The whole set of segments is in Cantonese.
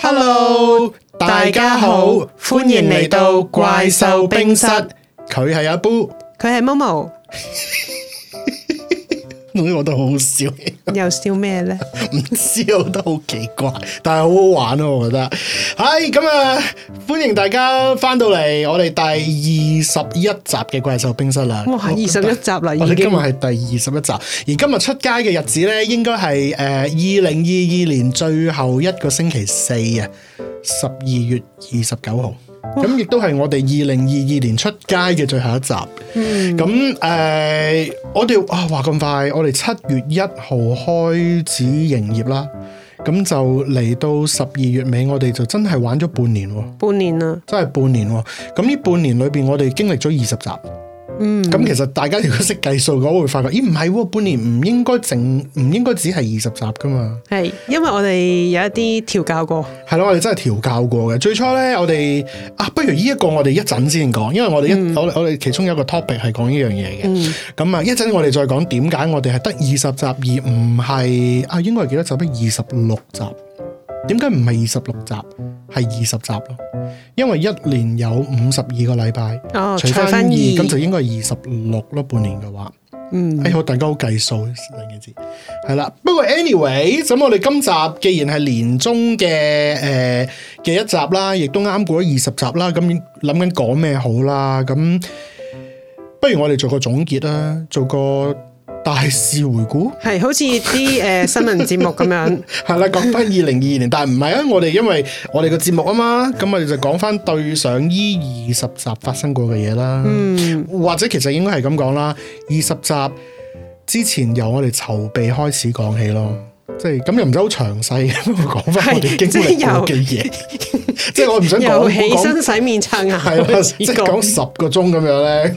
Hello，大家好，歡迎嚟到怪獸冰室。佢係阿 Boo，佢係 Momo 我都好笑，又笑咩呢？唔笑都好 奇怪，但係好好玩咯，啊，我覺得。係咁啊！歡迎大家翻到嚟我哋第二十一集嘅怪獸冰室啦！哇，係二十一集啦，但我哋今日係第二十一集， 而今日出街嘅日子呢，應該係誒二零二二年最後一個星期四啊，十二月二十九號。咁亦都係我哋二零二二年出街嘅最後一集。咁誒、嗯，uh, 我哋啊話咁快，我哋七月一號開始營業啦。咁就嚟到十二月尾，我哋就真係玩咗半年。半年啦，真係半年。咁呢半年裏面，我哋經歷咗二十集。嗯，咁其實大家如果識計數嘅話，我會發覺，咦，唔係喎，半年唔應該淨唔應該只係二十集㗎嘛？係，因為我哋有一啲調教過，係咯，我哋真係調教過嘅。最初咧，我哋啊，不如呢一個我哋一陣先講，因為我哋一、嗯、我我哋其中有一個 topic 係講呢樣嘢嘅。咁啊、嗯，一陣我哋再講點解我哋係得二十集而唔係啊？應該係幾多集？二十六集。點解唔係二十六集，係二十集咯？因為一年有五十二個禮拜，除翻二，咁意就應該係二十六咯。半年嘅話，嗯，哎，我大家好計數，零幾字係啦。不過 anyway，咁我哋今集既然係年終嘅誒嘅一集啦，亦都啱過咗二十集啦，咁諗緊講咩好啦？咁不如我哋做個總結啦，做個。大事回顧係，好似啲誒新聞節目咁樣。係啦， 講翻二零二二年， 但係唔係啊！我哋因為我哋個節目啊嘛，咁我哋就講翻對上依二十集發生過嘅嘢啦。嗯，或者其實應該係咁講啦，二十集之前由我哋籌備開始講起咯。就是就是， 即係咁又唔使好詳細講翻我哋經歷過嘅嘢。即係我唔想講起身洗面、擦牙，係即係講十個鐘咁樣咧。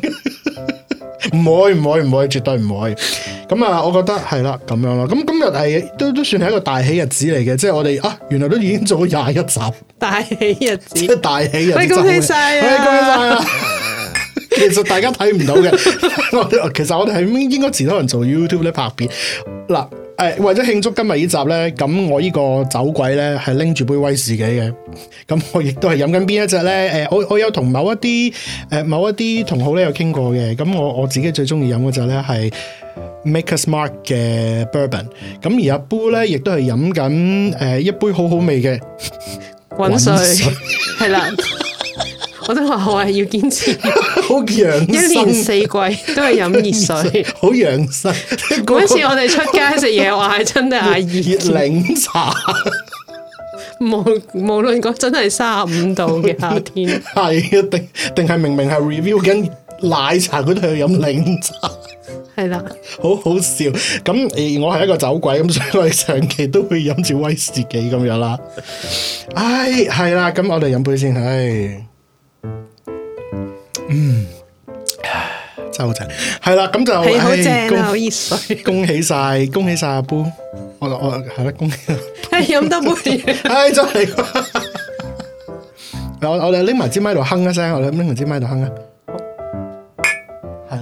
唔 可唔可唔可，可，可以，絕對唔可以 咁啊、嗯，我覺得係啦，咁樣咯。咁今日係都都算係一個大喜日子嚟嘅，即係我哋啊，原來都已經做廿一集。大喜日子，大喜日子，恭喜曬啊！恭喜啊 其實大家睇唔到嘅， 其實我哋係應該其他人做 YouTube 咧拍片。嗱，誒，為咗慶祝今日呢集咧，咁我呢個酒鬼咧係拎住杯威士忌嘅，咁我亦都係飲緊邊一隻咧？誒、呃，我我有同某一啲誒、呃、某一啲同好咧有傾過嘅，咁我我自己最中意飲嗰隻咧係，Make a smart 嘅 bourbon，咁而阿 Boo 咧，亦都係飲緊誒一杯好好味嘅滾水，係啦，我都話我係要堅持，好養，一年四季都係飲熱水，好養生。嗰次我哋出街食嘢話係真係飲熱檸茶， 無無論真係三十五度嘅夏天，係定定係明明係 review 緊奶茶，佢都去飲檸茶。 係啦，好好笑。咁我係一個酒鬼，咁所以我哋長期都會飲住威士忌咁樣啦。唉，係啦，咁我哋飲杯先。唉，嗯，真係好正。係啦，咁就好正，好意思，恭喜晒，恭喜晒阿波。我我係啦，恭喜，唉飲多杯。唉，真係，我我哋拎埋支咪度哼一聲，我哋拎埋支咪度哼啊。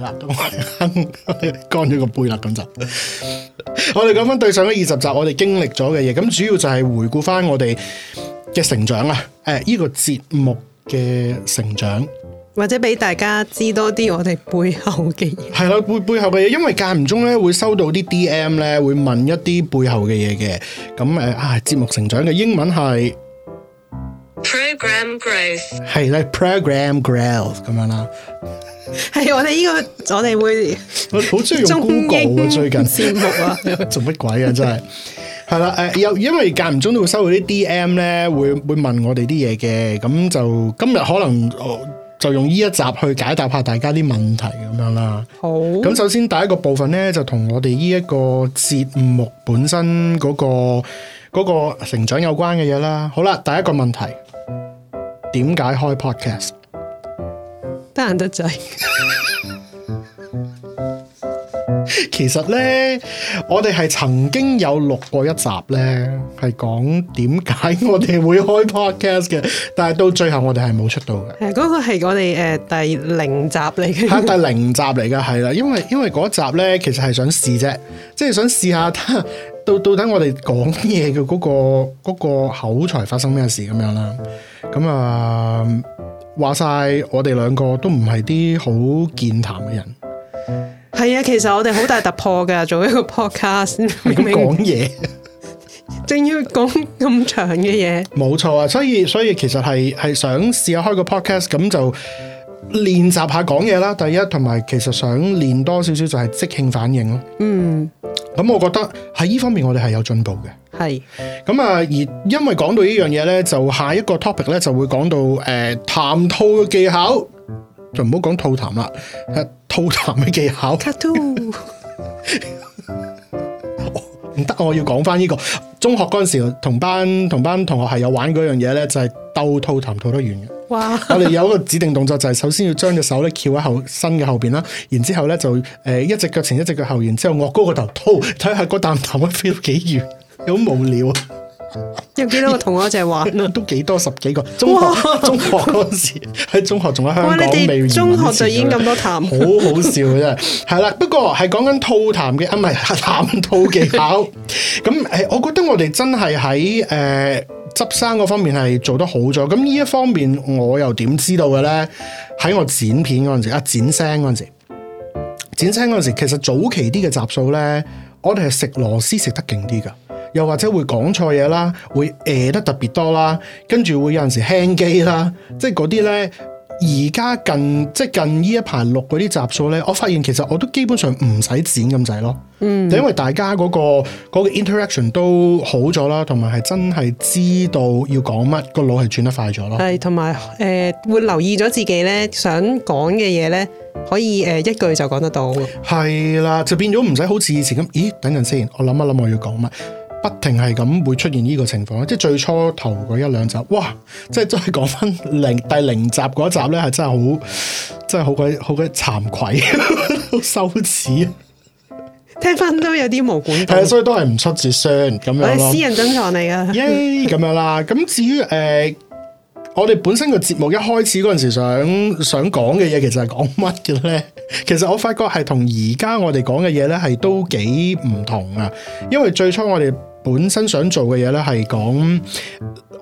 啦，我哋乾咗個杯啦，咁就我哋講翻對上嘅二十集，我哋經歷咗嘅嘢，咁主要就係回顧翻我哋嘅成長啊，誒、呃，呢、這個節目嘅成長，或者俾大家知多啲我哋背後嘅嘢。係啦， 背背後嘅嘢，因為間唔中咧會收到啲 DM 咧，會問一啲背後嘅嘢嘅，咁、嗯、誒，啊、呃，節目成長嘅英文係。Program growth 係啦 program growth 咁樣啦，係 我哋呢個我哋會我好中意用 Google 啊。最近，節目啊做乜鬼啊真係係啦誒，又、 呃、因為間唔中都會收到啲 DM 咧，會會問我哋啲嘢嘅，咁就今日可能就用呢一集去解答下大家啲問題咁樣啦。好咁，首先第一個部分咧就同我哋呢一個節目本身嗰個嗰個成長有關嘅嘢啦。好啦，第一個問題。點解開 podcast？得閒得滯。 其實咧，我哋係曾經有錄過一集咧，係講點解我哋會開 podcast 嘅。但係到最後我哋係冇出到嘅。誒、啊，嗰、那個係我哋誒、呃、第零集嚟嘅，係 第零集嚟嘅，係啦。因為因為嗰集咧，其實係想試啫，即係想試下。 到到底我哋講嘢嘅嗰個、嗰個口才發生咩事咁樣啦？咁啊，話、呃、晒我哋兩個都唔係啲好健談嘅人。係啊，其實我哋好大突破噶， 做一個 podcast 未講嘢話， 正要講咁長嘅嘢。冇錯啊，所以所以其實係係想試下開個 podcast，咁就。練習下講嘢啦，第一同埋其實想練多少少就係即興反應咯。嗯，咁我覺得喺呢方面我哋係有進步嘅。係是，咁啊，而因為講到呢樣嘢咧，就下一個 topic 咧就會講到誒談吐嘅技巧，就唔好講吐痰啦、啊，吐痰嘅技巧。唔 得 too， 我要講翻呢個中學嗰陣時，同班同班同學係有玩嗰樣嘢咧，就係鬥吐痰吐得完嘅。哇 我哋有一個指定動作就係，首先要將隻手咧翹喺後身嘅後邊啦，然之後咧就誒一隻腳前一隻腳後，然後、呃、後之後看看惡高個頭吐，睇下嗰啖痰飛到幾遠，你好無聊啊！有幾多個同學就話 都幾多十幾個，中學哇中學嗰時喺中學仲喺香港未中學就已經咁多痰，好、嗯、好笑嘅啫。係啦， 不過係講緊吐痰嘅，唔、啊、係、啊、痰吐技巧。咁誒， 我覺得我哋真係喺誒。呃執生嗰方面係做得好咗，咁呢一方面我又點知道嘅咧？喺我剪片嗰陣時，啊，剪聲嗰陣時，剪聲嗰陣時，其實早期啲嘅集數咧，我哋係食螺絲食得勁啲㗎，又或者會講錯嘢啦，會誒、呃、得特別多啦，跟住會有陣時輕機啦，即係嗰啲咧。而家近即係近一呢一排錄嗰啲集數咧，我發現其實我都基本上唔使剪咁滯咯，就、嗯、因為大家嗰、那個、那個 interaction 都好咗啦，同埋係真係知道要講乜，那個腦係轉得快咗咯。係同埋誒，會留意咗自己咧想講嘅嘢咧，可以誒、呃、一句就講得到。係啦，就變咗唔使好似以前咁，咦？等陣先，我諗一諗我要講乜。不停係咁會出現呢個情況，即係最初頭嗰一兩集，哇，即係真係講翻零第零集嗰一集咧，係真係好，真係好鬼好鬼慚愧，好羞恥。 聽翻都有啲毛管，係啊、嗯，所以都係唔出自相咁樣。係私人珍藏嚟噶。耶 咁、yeah, 樣啦。咁至於誒、呃，我哋本身個節目一開始嗰陣時想想講嘅嘢，其實係講乜嘅咧？ 其實我發覺係同而家我哋講嘅嘢咧，係都幾唔同啊。因為最初我哋。本身想做嘅嘢咧，係講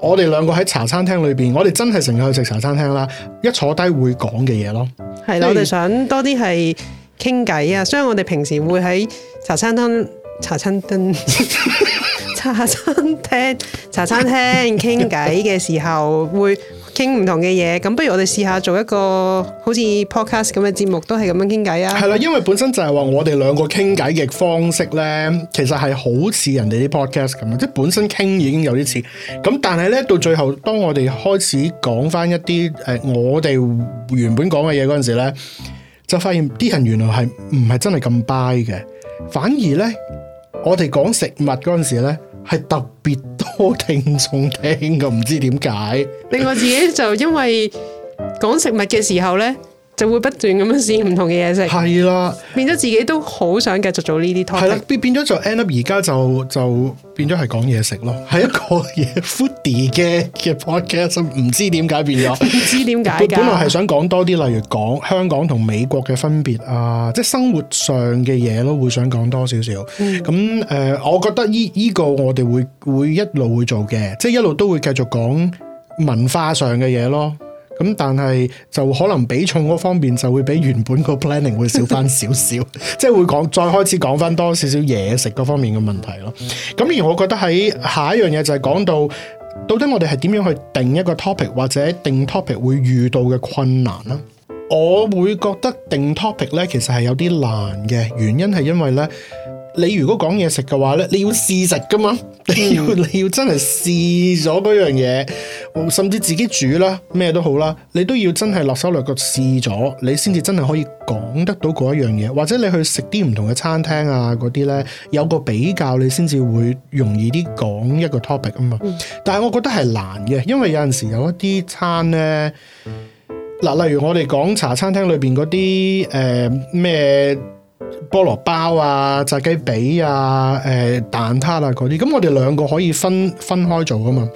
我哋兩個喺茶餐廳裏邊，我哋真係成日去食茶餐廳啦。一坐低會講嘅嘢咯，係啦的，是我哋想多啲係傾偈啊。所以我哋平時會喺茶，茶， 茶餐廳、茶餐廳、茶餐廳、茶餐廳傾偈嘅時候會。傾唔同嘅嘢，咁不如我哋試下做一個好似 podcast 咁嘅節目，都係咁樣傾偈啊！係啦，因為本身就係話我哋兩個傾偈嘅方式咧，其實係好似人哋啲 podcast 咁啊，即係本身傾已經有啲似。咁但係咧，到最後當我哋開始講翻一啲誒、呃，我哋原本講嘅嘢嗰陣時咧，就發現啲人原來係唔係真係咁 buy 嘅，反而咧我哋講食物嗰陣時咧係特別。多聽眾聽，嘅，唔知點解。另外我自己就因為講食物嘅時候咧。就會不斷咁樣試唔同嘅嘢食，係啦的，變咗自己都好想繼續做呢啲 topic 係啦，變變咗做。end up 而家就就變咗係講嘢食咯，係一個嘢 foodie 嘅嘅 podcast。唔 知點解變咗？唔知點解？本來係想講多啲，例如講香港同美國嘅分別啊，即係生活上嘅嘢咯，會想講多少少。咁誒、嗯呃，我覺得依依、個我哋會會一路會做嘅，即係一路都會繼續講文化上嘅嘢咯。咁但係就可能比重嗰方面就會比原本個 planning 會少翻少少，即係會講再開始講翻多少少嘢食嗰方面嘅問題咯。咁而我覺得喺下一樣嘢就係講到，到底我哋係點樣去定一個 topic 或者定 topic 會遇到嘅困難咧？我會覺得定 topic 咧其實係有啲難嘅，原因係因為咧。你如果講嘢食嘅話咧，你要試食㗎嘛 你？你要你要真係試咗嗰樣嘢，甚至自己煮啦，咩都好啦，你都要真係落手落腳試咗，你先至真係可以講得到嗰一樣嘢。或者你去食啲唔同嘅餐廳啊嗰啲咧，有個比較，你先至會容易啲講一個 topic 啊嘛。嗯、但係我覺得係難嘅，因為有陣時有一啲餐咧，嗱，例如我哋講茶餐廳裏邊嗰啲誒咩？呃菠蘿包啊、炸雞髀啊、誒、呃、蛋撻啊，嗰啲，咁我哋兩個可以分分開做噶嘛。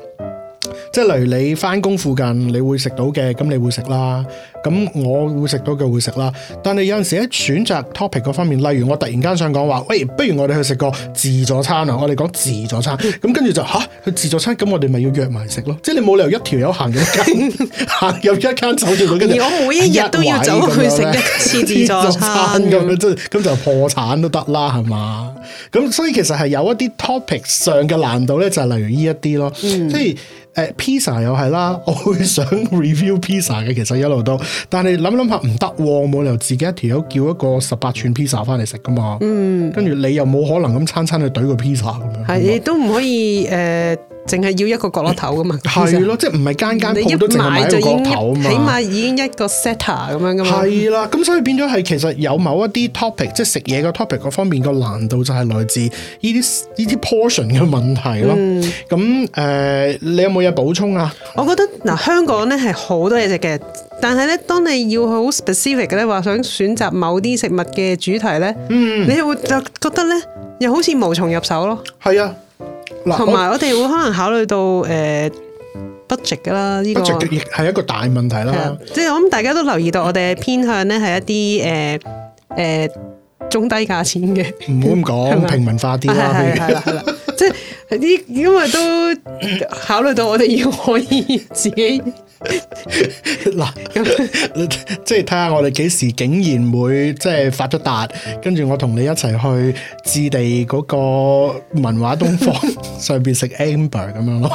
即係例如你翻工附近你會食到嘅，咁你會食啦。咁我會食到嘅會食啦。但係有陣時喺選擇 topic 嗰方面，例如我突然間想講話，喂，不如我哋去食個自助餐啊！我哋講自助餐，咁跟住就吓、啊、去自助餐，咁我哋咪要約埋食咯。即係你冇理由一條友行咗一間，行咗 一間酒店嗰，而我每一日都要走去食一次自助餐咁樣，即咁、 嗯、就破產都得啦，係嘛？咁所以其實係有一啲 topic 上嘅難度咧，就係、是、例如呢一啲咯，即係、嗯。Pizza、呃、又係啦，我會想 review pizza 嘅，其實一路都，但係諗諗下唔得喎，冇、啊、理由自己一條友叫一個十八寸披薩翻嚟食㗎嘛，嗯，跟住你又冇可能咁餐餐去懟個披薩咁樣，係你、嗯、嗎都唔可以誒。呃淨係要一個角落頭噶嘛？係咯，即係唔係間間鋪都淨係一個角落頭嘛？起碼已經一個 set 咁樣噶嘛？係啦，咁所以變咗係，其實有某一啲 topic，即係食嘢個 topic 嗰方面個難度就係來自呢啲呢啲 portion 嘅問題咯。咁誒、嗯呃，你有冇嘢補充啊？我覺得嗱、呃，香港咧係好多嘢食嘅，但係咧，當你要好 specific 咧，話想選擇某啲食物嘅主題咧，嗯，你就會就覺得咧，又好似無從入手咯。係啊。同埋、啊、我哋會可能考慮到誒 budget、呃、啦，呢、呢個亦係一個大問題啦。即係我諗大家都留意到，我哋嘅偏向咧係一啲誒誒中低價錢嘅。唔好咁講，吧平民化啲啦，譬如係啦， 即係。 啲因為都考慮到我哋要可以自己嗱咁，即係睇下我哋幾時竟然會即係發咗達，跟住我同你一齊去置地嗰個文華東方 上邊食吃 Amber 咁樣咯。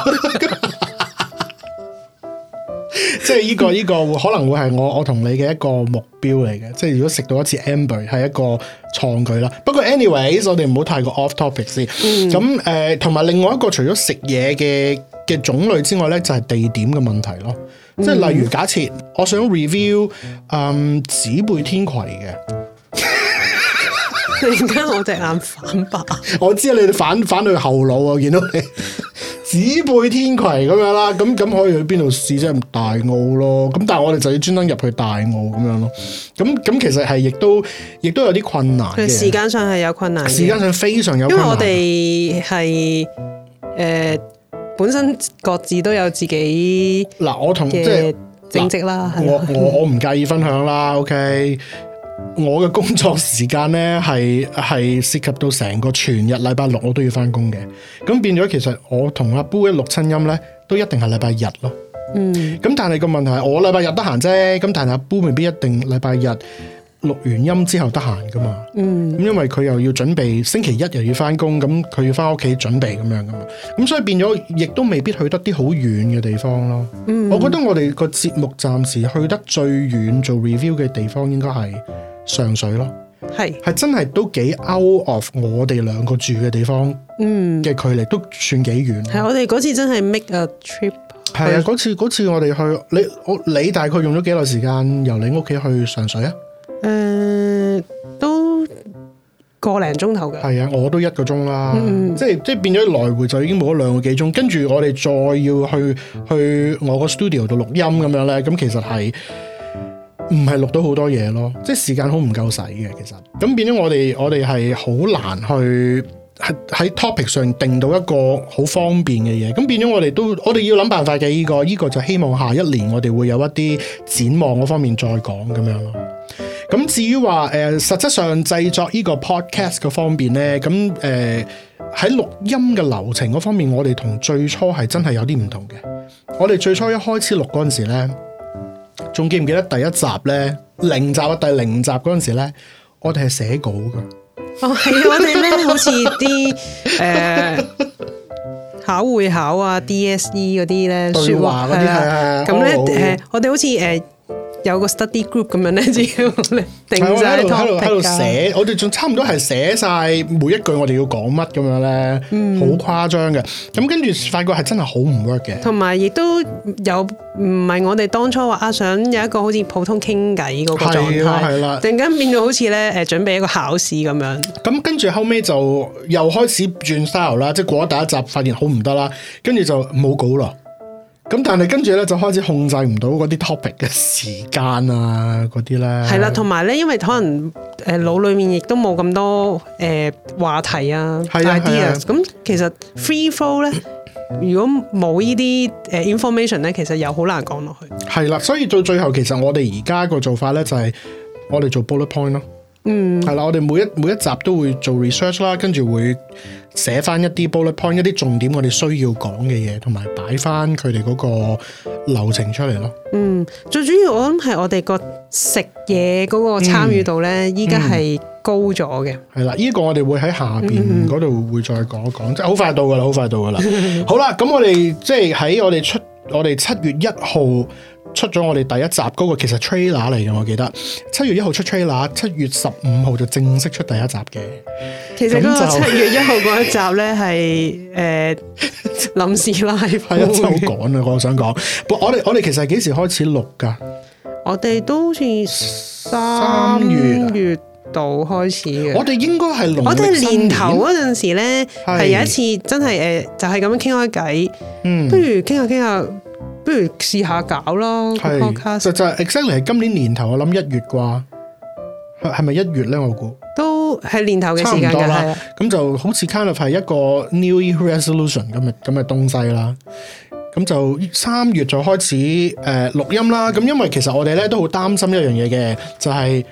即係呢、這個呢 個可能會係我我同你嘅一個目標嚟嘅，即係如果食到一次 Amber 係一個創舉啦。不過 anyways，我哋唔好太過 off topic 先、嗯。咁誒，同、呃、埋另外一個除咗食嘢嘅嘅種類之外呢，就係、是、地點嘅問題咯。即係例如假設我想 review 誒紫貝、嗯嗯、天葵嘅。突然間我隻眼反白， 我知啊！你哋反反到後腦啊？見到你紫背天葵咁樣啦，咁咁可以去邊度試啫？即係大澳咯，咁但係我哋就要專登入去大澳咁樣咯。咁咁其實係亦都亦都有啲困難嘅，時間上係有困難，時間上非常有困難。因為我哋係誒本身各自都有自己嗱，我同即係正職啦。我我我唔介意分享啦，OK。我嘅工作時間呢，係係涉及到成個全日禮拜六，我都要返工嘅。咁變咗，其實我同阿 Boo 一錄親音呢，都一定係禮拜日咯。嗯。咁但係個問題係，我禮拜日得閒啫。咁但係阿 Boo 未必一定禮拜日。錄完音之後得閒噶嘛，咁、嗯、因為佢又要準備星期一又要翻工，咁佢要翻屋企準備咁樣噶嘛，咁所以變咗亦都未必去得啲好遠嘅地方咯。嗯、我覺得我哋個節目暫時去得最遠做 review 嘅地方應該係上水咯，係係真係都幾 out of 我哋兩個住嘅地方，嗯，嘅距離都算幾遠。係我哋嗰次真係 make a trip，係啊，嗰次嗰次我哋去你我你大概用咗幾耐時間由你屋企去上水啊？誒、嗯，都個零鐘頭嘅，係啊，我都一個鐘啦，嗯、即係即係變咗來回就已經冇咗兩個幾鐘，跟住我哋再要去去我個 studio 度錄音咁樣咧，咁其實係唔係錄到好多嘢咯，即係時間好唔夠使嘅，其實咁變咗我哋我哋係好難去喺喺 topic 上定到一個好方便嘅嘢，咁變咗我哋都我哋要諗辦法嘅、這個，依個依個就希望下一年我哋會有一啲展望嗰方面再講咁樣咯。咁至於話誒，實質上製作呢個 Podcast 嘅方面咧，咁誒喺錄音嘅流程嗰方面，我哋同最初係真係有啲唔同嘅。我哋最初一開始錄嗰陣時咧，仲記唔記得第一集咧零集啊，第零集嗰陣時咧，我哋係寫稿噶。哦，係我哋咧，好似啲誒考會考啊，DSE 嗰啲咧，呢話說話嗰啲係啦。咁咧的，誒的，我哋好似誒。有個 study group 咁樣咧，只 要定咗一套，喺度喺度喺度寫， 我哋仲差唔多係寫晒每一句我哋要講乜咁樣咧，好誇張嘅。咁跟住發覺係真係好唔 work 嘅。同埋亦都有唔係我哋當初話啊，想有一個好似普通傾偈嗰個狀態係啦，啊啊、突然間變到好似咧誒，準備一個考試咁樣。咁跟住後尾就又開始轉 style 啦，即係過咗第一集發現好唔得啦，跟住就冇稿咯。咁但係跟住咧就開始控制唔到嗰啲 topic 嘅時間啊，嗰啲咧係啦，同埋咧因為可能誒腦、呃、裏面亦都冇咁多誒、呃、話題啊係啦，ideas 咁其實 free flow 咧 如果冇呢啲誒 information 咧，其實又好難講落去。係啦，所以到最，最後其實我哋而家個做法咧就係我哋做 bullet point 咯。嗯，係啦，我哋每一每一集都會做 research 啦，跟住會寫翻一啲 bullet point，一啲重點我哋需要講嘅嘢，同埋擺翻佢哋嗰個流程出嚟咯。嗯，最主要我諗係我哋個食嘢嗰個參與度咧，依家係高咗嘅。係啦、嗯，依、嗯嗯依個我哋會喺下邊嗰度會再講一講，即係好快到噶啦，好快到噶啦。 好啦，咁我哋即係喺我哋出我哋七月一號。出咗我哋第一集嗰個其實 trailer 嚟嘅，我記得七月一號出 trailer，七月十五號就正式出第一集嘅。其實咁七月一號嗰一集咧係誒臨時 live 一早趕啊，我想講， 我我哋我哋其實係幾時開始錄噶？我哋都好似三月、啊、月度開始嘅。我哋應該係我哋年頭嗰陣時咧係是有一次真係誒、呃、就係、是、咁樣傾開偈，嗯，不如傾下傾下。 不如試下搞咯。係、哦，就就係 exactly 係今年年頭，我諗一月啩，係咪一月咧？我估都係年頭嘅時間啦。咁的就好似 Kind of 係一個 New Year Resolution 咁嘅咁嘅東西啦。咁就三月就開始誒錄、呃、音啦。咁、嗯、因為其實我哋咧都好擔心一樣嘢嘅，就係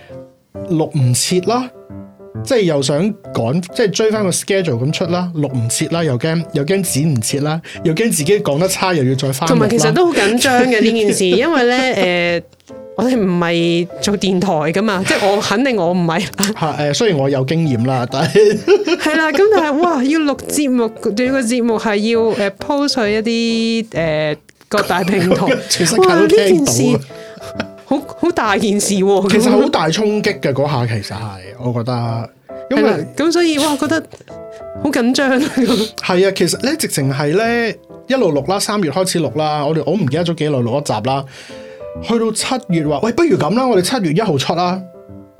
錄唔切啦。即係又想趕，即係追翻個 schedule 咁出啦，錄唔切啦，又驚又驚剪唔切啦，又驚自己講得差，又要再翻。同埋其實都好緊張嘅呢件事，因為咧誒、呃，我哋唔係做電台噶嘛， 即係我肯定我唔係。吓誒，雖然我有經驗啦，但係係 啦，咁但係哇，要錄節目，仲有 個節目係要誒 post 去一啲誒、呃、各大平台。其 哇，呢件事。大件事、啊，其實好大衝擊嘅嗰下， 其實係，我覺得因為咁咁，啊、所以哇，覺得好緊張。係啊， 其實咧，直情係咧，一路錄啦，三月開始錄啦，我哋我唔記得咗幾耐錄一集啦。去到七月話，喂，不如咁啦，我哋七月一號出啦，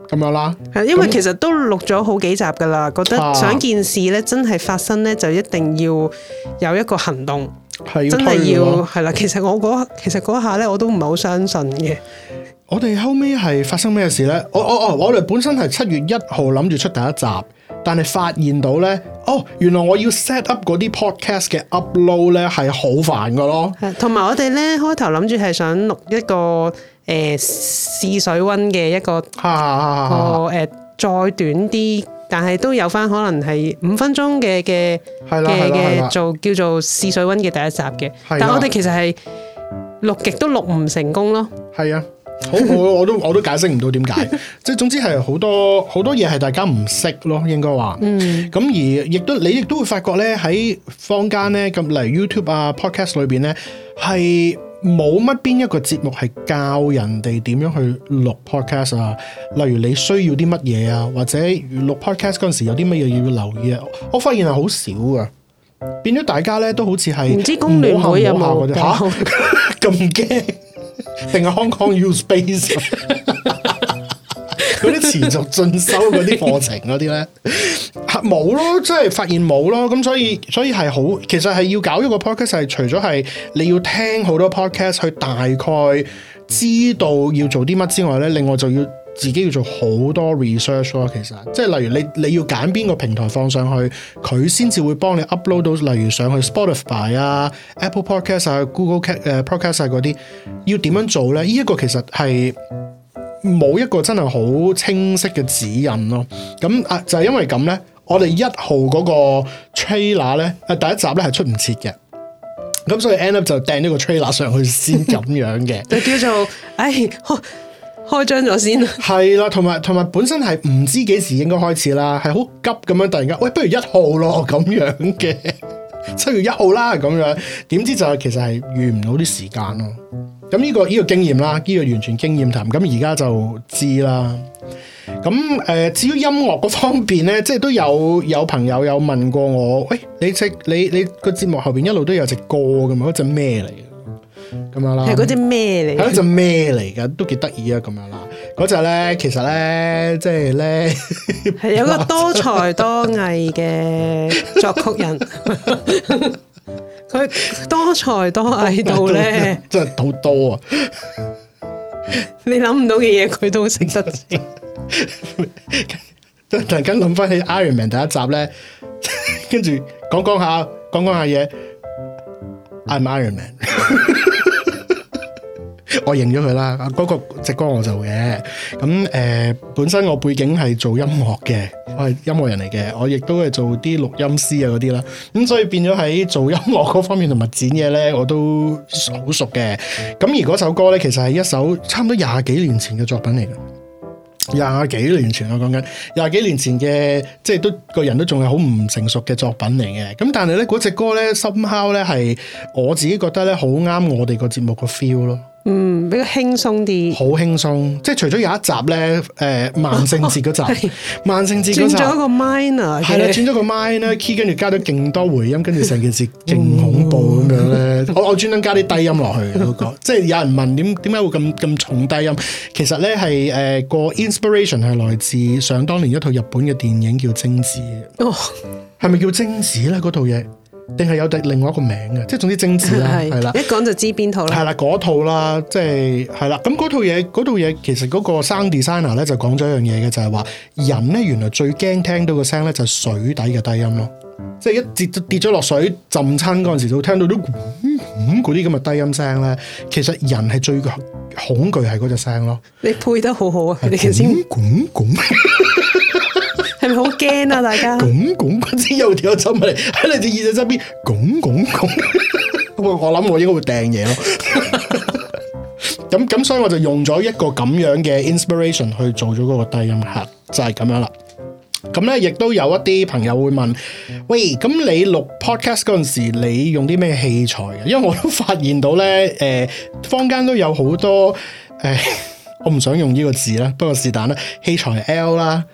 咁樣啦。係，因為那其實都錄咗好幾集噶啦，覺得想件事咧，真係發生咧，就一定要有一個行動，係、啊啊、真係要係啦。其實我嗰其實嗰下咧，我都唔係好相信嘅。我哋後尾係發生咩事呢？哦、oh, 哦、oh, oh, 我哋本身係七月一號諗住出第一集，但係發現到呢，哦，原來我要 set up 嗰啲 podcast 嘅 upload 呢係好煩噶咯。同埋我哋呢，開頭諗住係想錄一個誒試水溫嘅一個，誒、呃、 再短啲，但係都有翻可能係五分鐘嘅嘅，係啦做叫做試水溫嘅第一集嘅，的但我哋其實係錄極都錄唔成功咯。係啊。 好，好，我都我都解釋唔到點解， 即係總之係好多好多嘢係大家唔識咯，應該話。咁、嗯、而亦都你亦都會發覺咧，喺坊間咧，例如 YouTube 啊 Podcast 裏邊咧，係冇乜邊一個節目係教人哋點樣去錄 Podcast 啊，例如你需要啲乜嘢啊，或者錄 Podcast 嗰陣時有啲乜嘢要留意啊，我發現係好少啊，變咗大家咧，都好似係唔知工聯會有冇嚇咁驚。 定係 Hong Kong U Space 嗰啲持續進修嗰啲課程嗰啲咧，冇 咯，即係發現冇咯。咁所以所以係好，其實係要搞一個 podcast，係除咗係你要聽好多 podcast，去大概知道要做啲乜之外咧，另外就要。自己要做好多 research 咯，其實即係例如你你要揀邊個平台放上去，佢先至會幫你 upload 到，例如上去 Spotify 啊、Apple Podcast 啊、Google 誒、uh, Podcast 啊嗰啲，要點樣做咧？呢、這、一個其實係冇一個真係好清晰嘅指引咯。咁啊，就係、是、因為咁咧，我哋一號嗰個 trailer 咧啊第一集咧係出唔切嘅，咁所以 end up 就掟呢個 trailer 上去先咁 樣嘅，就叫做誒。 開張咗先啦， 係啦，同埋同埋本身係唔知幾時應該開始啦，係好急咁樣突然間，喂不如一號咯咁樣嘅，七月一號啦咁樣，點知就其實係預唔到啲時間咯，咁呢個呢個經驗啦，呢個完全經驗談，咁而家就知啦。咁誒、呃，至於音樂嗰方面咧，即係都有有朋友有問過我，喂，你即你你個節目後邊一路都有隻歌噶嘛，嗰隻咩嚟？咁樣啦，係嗰隻咩嚟？係嗰隻咩嚟噶都幾得意啊！咁樣啦，嗰隻咧，其實咧，即係咧，係 有嗰個多才多藝嘅作曲人，佢 多才多藝到咧， 真係好多，多啊！ 你諗唔到嘅嘢，佢都食得整。突然間諗翻起 Iron Man 第一集咧，跟住講講下，講講下嘢，I'm Iron Man。 我認咗佢啦，嗰、那個隻歌我做嘅，咁誒、呃，本身我背景係做音樂嘅，我係音樂人嚟嘅，我亦都係做啲錄音師啊嗰啲啦，咁所以變咗喺做音樂嗰方面同埋剪嘢咧，我都好熟嘅。咁而嗰首歌咧，其實係一首差唔多廿幾年前嘅作品嚟嘅，廿幾年前我講緊廿幾年前嘅，即係都個人都仲係好唔成熟嘅作品嚟嘅。咁但係咧嗰隻歌咧，somehow 咧係我自己覺得咧好啱我哋個節目個 feel 咯。嗯，比較輕鬆啲。好輕鬆，即係除咗有一集咧，誒萬聖節嗰集，萬聖 是節嗰集轉咗一個 minor，係啦吧， 轉咗個 minor key，跟住加咗勁多回音，跟住成件事勁恐怖咁樣咧。我我專登加啲低音落去嗰、那個、 即係有人問點點解會咁咁重低音？其實咧係誒個 inspiration 係來自想當年一套日本嘅電影叫《貞子》，係咪 叫《貞子》呢咧？嗰套嘢。定係有另外一個名嘅，即係總之政治，啦，係啦。一講就知邊套，套啦。係、就、啦、是，嗰套啦，即係係啦。咁嗰套嘢，嗰套嘢其實嗰個聲 designer 咧就講咗一樣嘢嘅，就係、是、話人咧原來最驚聽到個聲咧就水底嘅低音咯。即係一跌跌咗落水浸親嗰陣時，就會聽到啲嗰啲咁嘅低音聲咧，其實人係最恐懼係嗰隻聲咯。你配得好好啊！是你頭先 好驚啊！大家拱拱，不又有咗走埋嚟喺你隻耳仔側邊拱拱拱,拱,拱,拱,拱,拱。我諗我應該會掟嘢咯。咁咁，所以我就用咗一個咁樣嘅 inspiration 去做咗嗰個低音盒，就係咁樣啦。咁咧，亦都有一啲朋友會問：喂，咁你錄 podcast 陣時，你用啲咩器材嘅？因為我都發現到咧，誒，坊間都有好多誒，我唔想用呢個字啦，不過是但啦，器材 L 啦。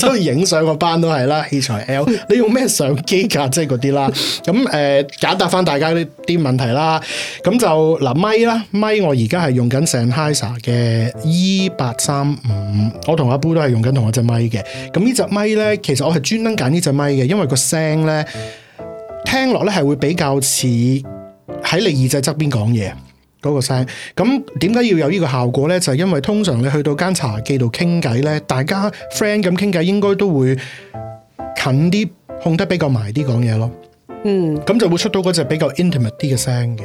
都影相個班都係啦，器材 L，你用咩相機噶、啊，即係嗰啲啦。咁誒、呃，解答返大家啲啲問題啦。咁就嗱咪啦咪啦，咪我而家係用緊 Sennheiser 嘅 E 八三五，我同阿 Boo 都係用緊同一隻咪嘅。咁呢隻咪 i 咧，其實我係專登揀呢隻咪嘅，因為個聲咧聽落咧係會比較似喺你耳仔側邊講嘢。嗰個聲，咁點解要有呢個效果呢？就係因為通常你去到間茶記度傾偈呢，大家 friend 咁傾偈應該都會近啲，控得比較埋啲講嘢咯。嗯，咁就會出到嗰隻比較 intimate 啲嘅聲嘅。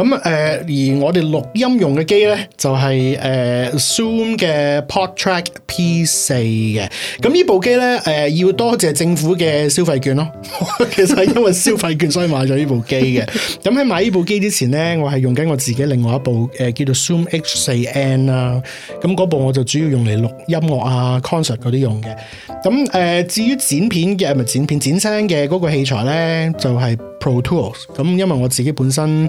咁誒、呃，而我哋錄音用嘅機咧，就係、是、誒、呃、Zoom 嘅 PodTrack P 四嘅。咁呢部機咧，誒、呃、要多謝、謝政府嘅消費券咯。 其實係因為消費券所以買咗呢部機嘅。咁喺 買呢部機之前咧，我係用緊我自己另外一部誒、呃、叫做 Zoom H 四 N 啦、啊。咁嗰部我就主要用嚟錄音樂啊 concert 嗰啲用嘅。咁誒、呃，至於剪片嘅係咪剪片剪聲嘅嗰個器材咧，就係、是、Pro Tools。咁因為我自己本身。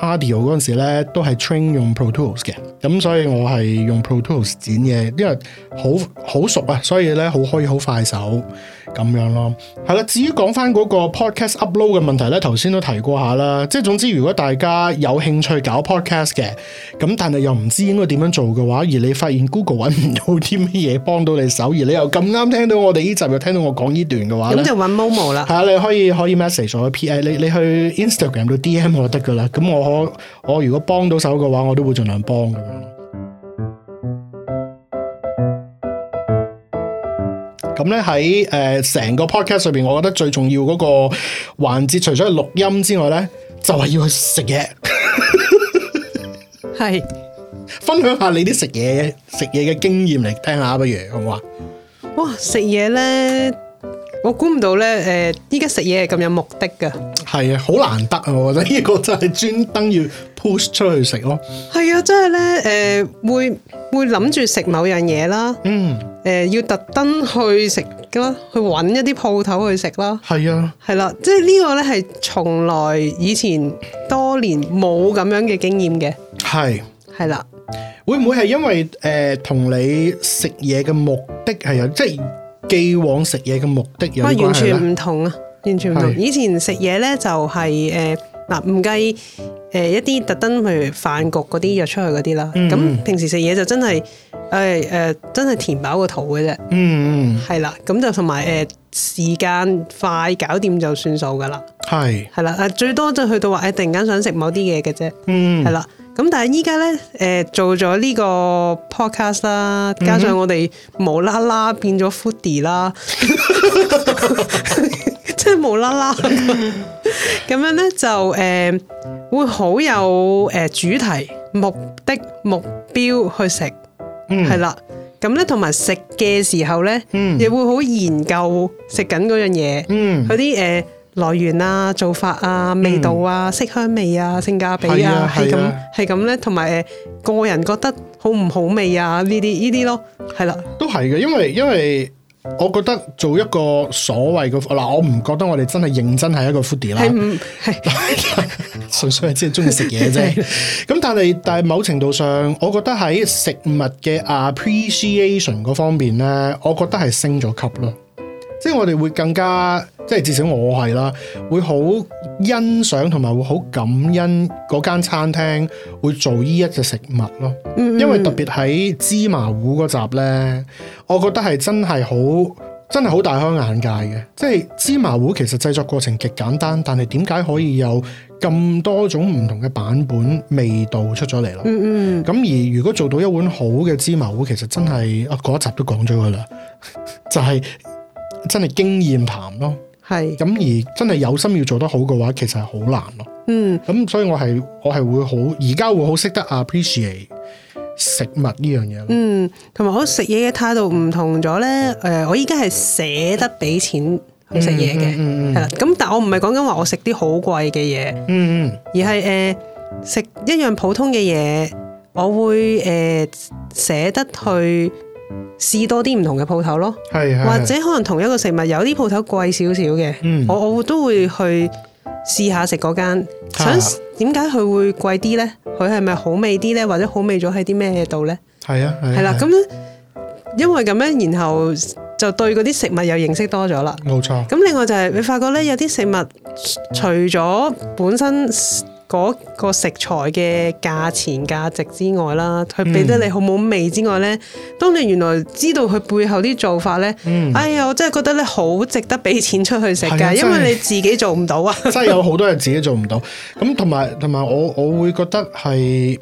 Audio 陣時咧，都係 train 用 Pro Tools 嘅，咁、嗯、所以我係用 Pro Tools 剪嘅，因為好好熟啊，所以咧好可以好快手咁樣咯。係啦，嗯、至於講翻嗰個 podcast upload 嘅問題咧，頭先都提過下啦。即係總之，如果大家有興趣搞 podcast 嘅，咁、嗯、但係又唔知應該點樣做嘅話，而你發現 Google 揾唔到啲乜嘢幫到你手，而你又咁啱聽到我哋呢集又聽到我講呢段嘅話，咧，就揾 Momo 啦。係啊，你可以可以 message 我個 PA，你你去 Instagram 度 DM 我得噶啦。咁、嗯、我。我我如果幫到手嘅話，我都會盡量幫咁樣。咁咧喺誒成個 Podcast 上邊，我覺得最重要嗰個環節，除咗錄音之外咧，就係、是、要去食嘢。係 是分享下你啲食嘢食嘢嘅經驗嚟聽下，不如好唔好啊？哇，食嘢咧～我估唔到咧，誒、呃，依家食嘢係咁有目的噶，係啊，好難得啊！我覺得呢個真係專登要 push 出，出去食咯，係啊，即係咧，誒，會會諗住食某樣嘢啦，嗯，誒，要特登去食咯，去搵一啲鋪頭去食咯，係啊，係啦，即係呢個咧係從來以前多年冇咁樣嘅經驗嘅，係是，係啦，啊，會唔會係因為誒同、呃、你食嘢嘅目的係有？即係。既往食嘢嘅目的有冇啊？完全唔同啊！完全唔同。是以前食嘢咧，就係誒，嗱，唔計誒一啲特登去飯局嗰啲約出去嗰啲啦。咁、嗯、平時食嘢就真係誒誒真係填飽個肚嘅啫。嗯嗯，係啦。咁就同埋誒時間快搞掂就算數噶是啦。係係啦。誒最多就去到話誒、呃、突然間想食某啲嘢嘅啫。嗯，係啦。咁但係依家咧，誒做咗呢個 podcast 啦，加上我哋無啦啦變咗 foodie 啦，即係無啦啦，咁樣咧就誒會好有誒主題、目的、目標去食，係啦。咁咧同埋食嘅時候咧，亦會好研究食緊嗰樣嘢，嗰啲誒。來源啊、做法啊、味道啊、嗯、色香味啊、性價比啊，係咁、啊，係咁咧，同埋個人覺得好唔好味啊？呢啲呢啲咯，係啦、啊，都係嘅，因為因為我覺得做一個所謂嘅嗱、呃，我唔覺得我哋真係認真係一個 foodie 啦，啊啊啊、 純粹係只係中意食嘢啫。咁、 啊、但係但係某程度上，我覺得喺食物嘅 appreciation 嗰方面咧，我覺得係升咗級咯。即係我哋會更加，即係至少我係啦，會好欣賞同埋會好感恩嗰間餐廳會做呢一隻食物咯。Mm hmm. 因為特別喺芝麻糊嗰集咧，我覺得係真係好，真係好大開眼界嘅。即係芝麻糊其實製作過程極簡單，但係點解可以有咁多種唔同嘅版本味道出咗嚟咯？嗯咁、Mm hmm. 而如果做到一碗好嘅芝麻糊，其實真係啊嗰一集都講咗噶啦，就係、是。真係經驗談咯，係咁是而真係有心要做得好嘅話，其實係好難咯。嗯，咁所以我係我係會好而家會好識得 appreciate 食物呢樣嘢。嗯，同埋我食嘢嘅態度唔同咗咧。誒，我依家係捨得俾錢去食嘢嘅。嗯嗯，係啦。咁但係我唔係講緊話我食啲好貴嘅嘢。嗯嗯，說說嗯而係誒食一樣普通嘅嘢，我會誒、呃、捨得去。試多啲唔同嘅鋪頭咯，係或者可能同一個食物有啲鋪頭貴少少嘅，嗯、我我都會去試下食嗰間，想點解佢會貴啲呢？佢係咪好味啲呢？或者好味咗喺啲咩度呢？係啊，係啦，咁因為咁樣，然後就對嗰啲食物又認識多咗啦。冇錯。咁另外就係你發覺呢，有啲食物除咗本身。嗰個食材嘅價錢價值之外啦，佢俾得你好冇味之外呢，嗯、當你原來知道佢背後啲做法呢，哎呀、嗯，我真係覺得你好值得俾錢出去食噶，的因為你自己做唔到啊，真！真係有好多人自己做唔到，咁同埋同埋我我會覺得係，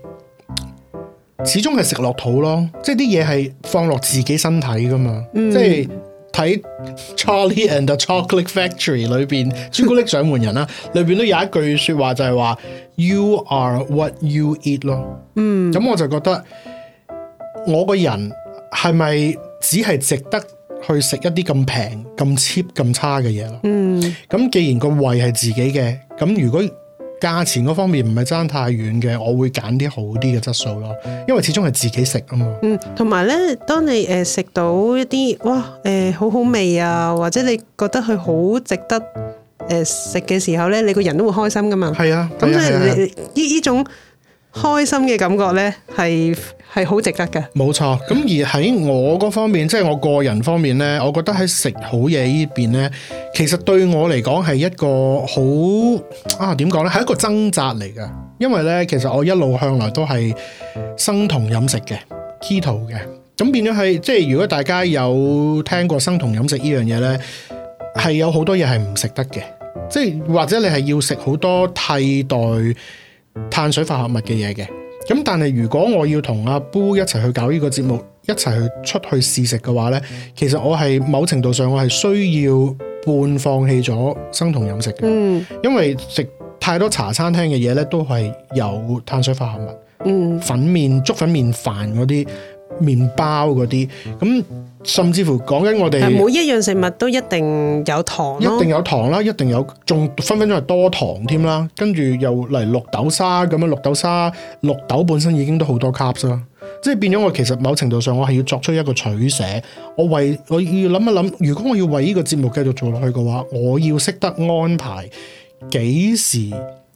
始終係食落肚咯，即係啲嘢係放落自己身體噶嘛，即係、嗯。即係喺《Charlie and the Chocolate Factory》裏邊 朱古力獎門人啦，裏邊都有一句說話，就係話 “You are what you eat” 咯。嗯，咁我就覺得我個人係咪只係值得去食一啲咁平、咁 cheap、咁差嘅嘢咯？嗯，咁既然個胃係自己嘅，咁如果價錢嗰方面唔係爭太遠嘅，我會揀啲好啲嘅質素咯，因為始終係自己食啊嘛。嗯，同埋咧，當你誒食、呃、到一啲哇誒、呃、好好味啊，或者你覺得佢好值得誒食嘅時候咧，你個人都會開心噶嘛。係啊，咁、啊啊啊啊、你你呢依種。開心嘅感覺呢係係好值得嘅。冇錯，咁而喺我嗰方面，即係我個人方面呢，我覺得喺食好嘢呢邊呢，其實對我嚟講係一個好啊，點講呢？係一個掙扎嚟㗎。因為呢，其實我一路向來都係生酮飲食嘅，keto 嘅。咁變咗係，即係如果大家有聽過生酮飲食呢樣嘢呢，係有好多嘢係唔食得嘅，即係或者你係要食好多替代碳水化合物嘅嘢嘅，咁但係如果我要同阿 Boo 一齊去搞呢個節目，一齊去出去試食嘅話呢，嗯、其實我係某程度上我係需要半放棄咗生酮飲食嘅，嗯，因為食太多茶餐廳嘅嘢呢，都係有碳水化合物，嗯，粉麵、粥粉麵飯嗰啲。麵包嗰啲，咁甚至乎講緊我哋，每一樣食物都一定有糖，一定有糖啦，一定有，仲分分鐘係多糖添啦。跟住又嚟綠豆沙咁樣，綠豆沙綠豆本身已經都好多 carbs 啦，即係變咗我其實某程度上我係要作出一個取捨，我為我要諗一諗，如果我要為呢個節目繼續做落去嘅話，我要識得安排幾時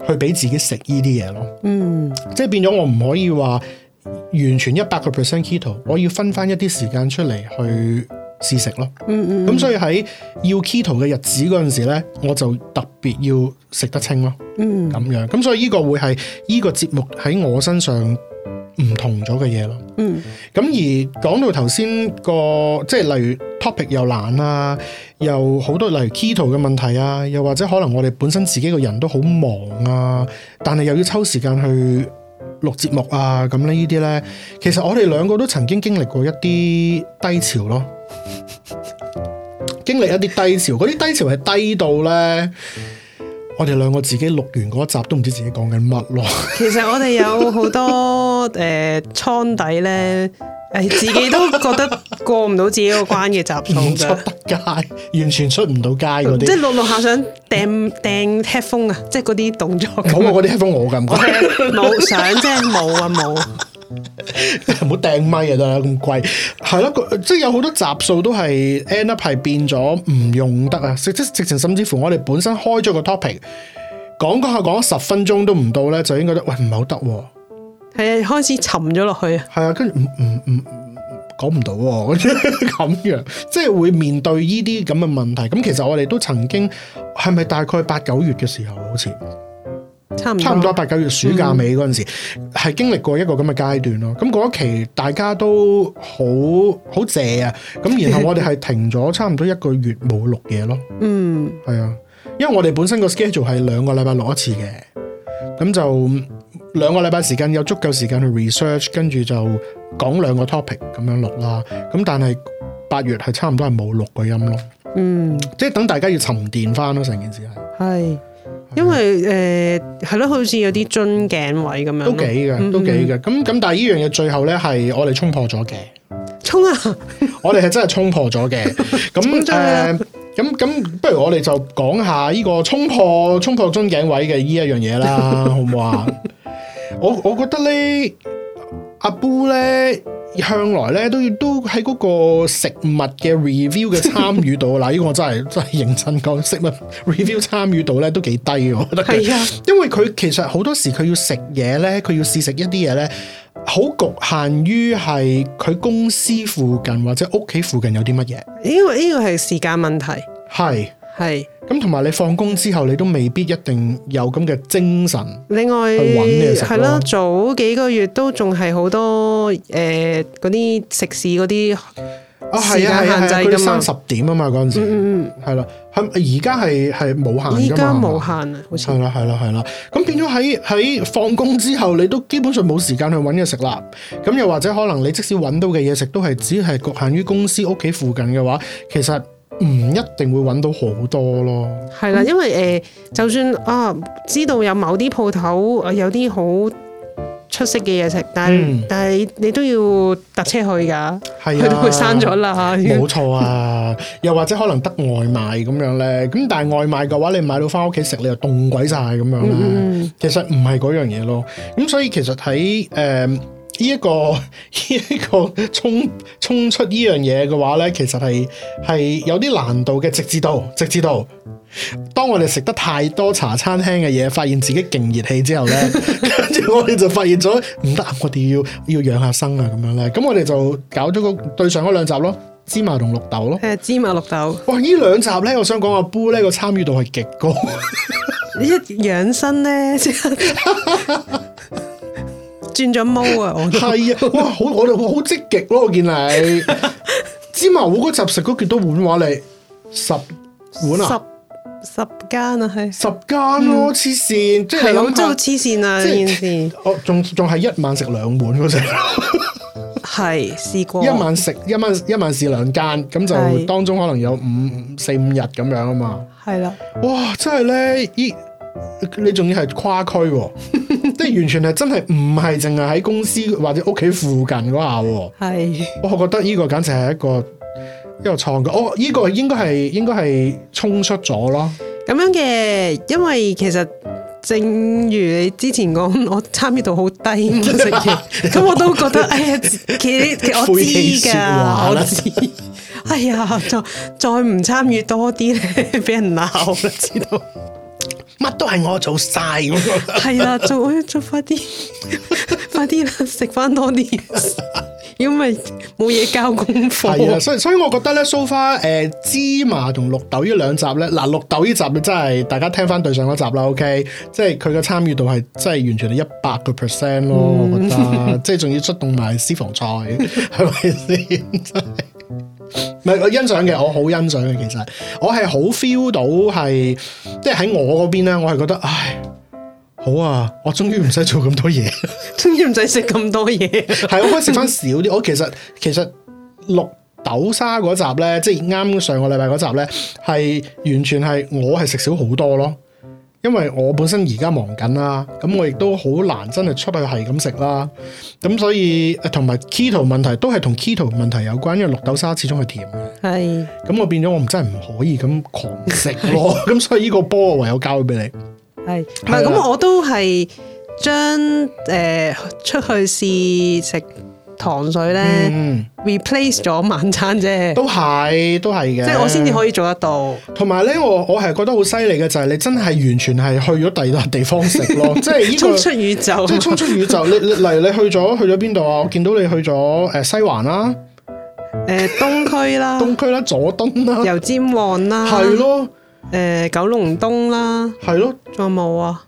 去俾自己食呢啲嘢咯。嗯，即係變咗我唔可以話。完全一百個 percent keto，我要分翻一啲時間出嚟去試食咯。嗯嗯、mm。咁、hmm. 所以喺要 keto 嘅日子嗰陣時咧，我就特別要食得清咯。嗯、mm。咁、hmm. 樣，咁所以呢個會係呢個節目喺我身上唔同咗嘅嘢咯。嗯、mm。咁、hmm. 而講到頭先個，即係例如 topic 又難啊，又好多例如 keto 嘅問題啊，又或者可能我哋本身自己個人都好忙啊，但係又要抽時間去。錄節目啊，咁呢啲呢，其實我哋兩個都曾經經歷過一啲低潮咯， 經歷一啲低潮，嗰啲 低潮係低到呢，我哋兩個自己錄完嗰一集都唔知自己講緊乜咯。其實我哋有好多。 誒，倉、呃、底咧，誒、哎，自己都覺得過唔到自己個關嘅集數， 出得街？完全出唔到街啲， 即係落落下想掟掟 headphone 啊！即係嗰啲動作冇啊！嗰啲 headphone 我嘅唔冇想，即係冇啊冇，冇掟咪啊！都咁貴，係咯， 即係有好多集數都係 end up 係變咗唔用得啊！即係直情，甚至乎我哋本身開咗個 topic，講講下講咗十分鐘都唔到咧，就應該覺得喂唔係好得。係啊，開始沉咗落去啊！係啊，跟住唔唔唔唔講唔到咁、嗯、樣，即係會面對呢啲咁嘅問題。咁其實我哋都曾經係咪大概八九月嘅時候，好似差唔多八九月暑假尾嗰陣時，係、嗯、經歷過一個咁嘅階段咯。咁嗰期大家都好好謝啊！咁然後我哋係停咗差唔多一個月冇錄嘢咯。嗯，係啊，因為我哋本身個 schedule 係兩個禮拜錄一次嘅，咁就。兩個禮拜時間有足夠時間去 research，跟住就講兩個 topic 咁樣錄啦。咁但係八月係差唔多係冇錄個音咯。嗯，即係等大家要沉澱翻咯，成件事係。係是，是因為誒係咯，好似有啲樽頸位咁樣，都幾嘅，都幾嘅。咁咁，但係呢樣嘢最後咧係我哋衝破咗嘅。衝衝啊！ 我哋係真係衝破咗嘅。咁誒，咁咁了，呃、不如我哋就講下呢個衝破衝破樽頸位嘅呢一樣嘢啦，好唔好啊？ 我我覺得咧，阿 Bo 咧向來咧都都喺嗰個食物嘅 review 嘅參與度。嗱，呢個我真係真係認真講，食物 review 參與度咧都幾低我覺得嘅，係啊，的因為佢其實好多時佢要食嘢咧，佢要試食一啲嘢咧，好局限於係佢公司附近或者屋企附近有啲乜嘢，因為呢個係時間問題，係。係，咁同埋你放工之後，你都未必一定有咁嘅精神。另外，係咯，早幾個月都仲係好多誒，嗰、呃、啲食肆嗰啲、哦、啊，啊啊啊時間限制噶三十點啊嘛，嗰陣時，嗯嗯，係啦，係而家係係冇限而家冇限啊，限限好似係啦係啦係啦，咁、啊啊啊啊、變咗喺喺放工之後，你都基本上冇時間去揾嘢食啦。咁又或者可能你即使揾到嘅嘢食，都係只係局限於公司屋企附近嘅話，其實。唔一定會揾到好多咯，係啦，因為誒、呃，就算啊、哦，知道有某啲鋪頭有啲好出色嘅嘢食，嗯但，但係但係你都要搭車去噶，係佢的都會閂咗啦。冇錯啊， 又或者可能得外賣咁樣咧，咁但係外賣嘅話，你買到翻屋企食，你又凍鬼晒咁樣咧。嗯、其實唔係嗰樣嘢咯，咁、嗯、所以其實喺誒。呃呢一、這個呢一、這個衝衝出呢樣嘢嘅話呢，其實係係有啲難度嘅，直至到直至到，當我哋食得太多茶餐廳嘅嘢，發現自己勁熱氣之後呢，跟住我哋就發現咗唔得，我哋要要養下生啊咁樣咧，咁我哋就搞咗個對上嗰兩集咯，芝麻同綠豆咯，芝麻綠豆。哇！呢兩集呢，我想講阿 Boo 呢咧，個參與度係極高， 一養生呢。 轉咗毛啊！我係啊，哇，好我哋好積極咯！我見你芝麻糊嗰集食咗幾多碗話你十碗啊，十十間啊，係十間咯，黐線！即係咁，真黐線啊！呢件事哦，仲仲係一晚食兩碗，真係係試過一晚食一晚一晚試兩間，咁就當中可能有五四五日咁樣啊嘛，係啦，哇！真係咧，咦！你仲要係跨區。完全係真係唔係淨係喺公司或者屋企附近嗰下，係是，我覺得呢個簡直係一個一個創舉，哦，呢個應該係、嗯、應該係衝出咗咯。咁樣嘅，因為其實正如你之前講，我參與度好低，咁 我都覺得， 哎呀，其，其我知噶，我知，哎呀，再再唔參與多啲，俾 人鬧啦知道。乜都係我做晒，係啊，做啊，做快啲，快啲啦，食翻多啲，因為冇嘢交功課。係啊， 所以所以我覺得咧，蘇花誒芝麻同綠豆呢兩集咧，嗱、呃、綠豆呢集咧真係大家聽翻對上嗰集啦，OK，即係佢嘅參與度係真係完全係一百個 percent 咯，嗯、我覺得 即係仲要出動埋私房菜，係咪先？真係 唔係我欣賞嘅，我好欣賞嘅。其實我係好 feel 到係，即係喺我嗰邊咧，我係覺得，唉，好啊，我終於唔使做咁多嘢，終於唔使食咁多嘢，係 我食翻少啲。我其實其實綠豆沙嗰集咧，即係啱上個禮拜嗰集咧，係完全係我係食少好多咯。因為我本身而家忙緊啦，咁我亦都好難真係出去係咁食啦，咁所以誒同埋 keto 問題都係同 keto 問題有關，因為綠豆沙始終係甜嘅，係是，咁我變咗我唔真係唔可以咁狂食咯，咁是 所以呢個波我唯有交俾你，係，係，咁我都係將誒出去試食，糖水咧，replace 咗晚餐啫，都係都係嘅，即係我先至可以做得到。同埋咧，我我係覺得好犀利嘅就係你真係完全係去咗第二笪地方食咯，即係衝出宇宙，即係衝出宇宙。你你例如你去咗去咗邊度啊？我見到你去咗誒西環啦，誒東區啦，東區啦，佐敦啦，由尖旺啦，係咯，誒九龍東啦，係咯，仲有冇啊？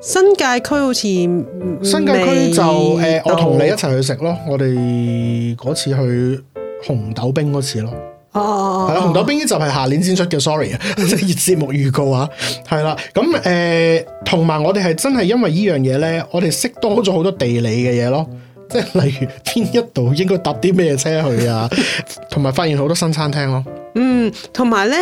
新界區好似新界區就誒、呃，我同你一齊去食咯。我哋嗰次去紅豆冰嗰次咯，係啦、哦啊，紅豆冰呢集係下年先出嘅，sorry 啊，即係節目預告啊，係啦、啊。咁誒，同、呃、埋我哋係真係因為呢樣嘢咧，我哋識多咗好多地理嘅嘢咯，即係例如邊一度應該搭啲咩車去啊，同埋 發現好多新餐廳咯。嗯，同埋咧。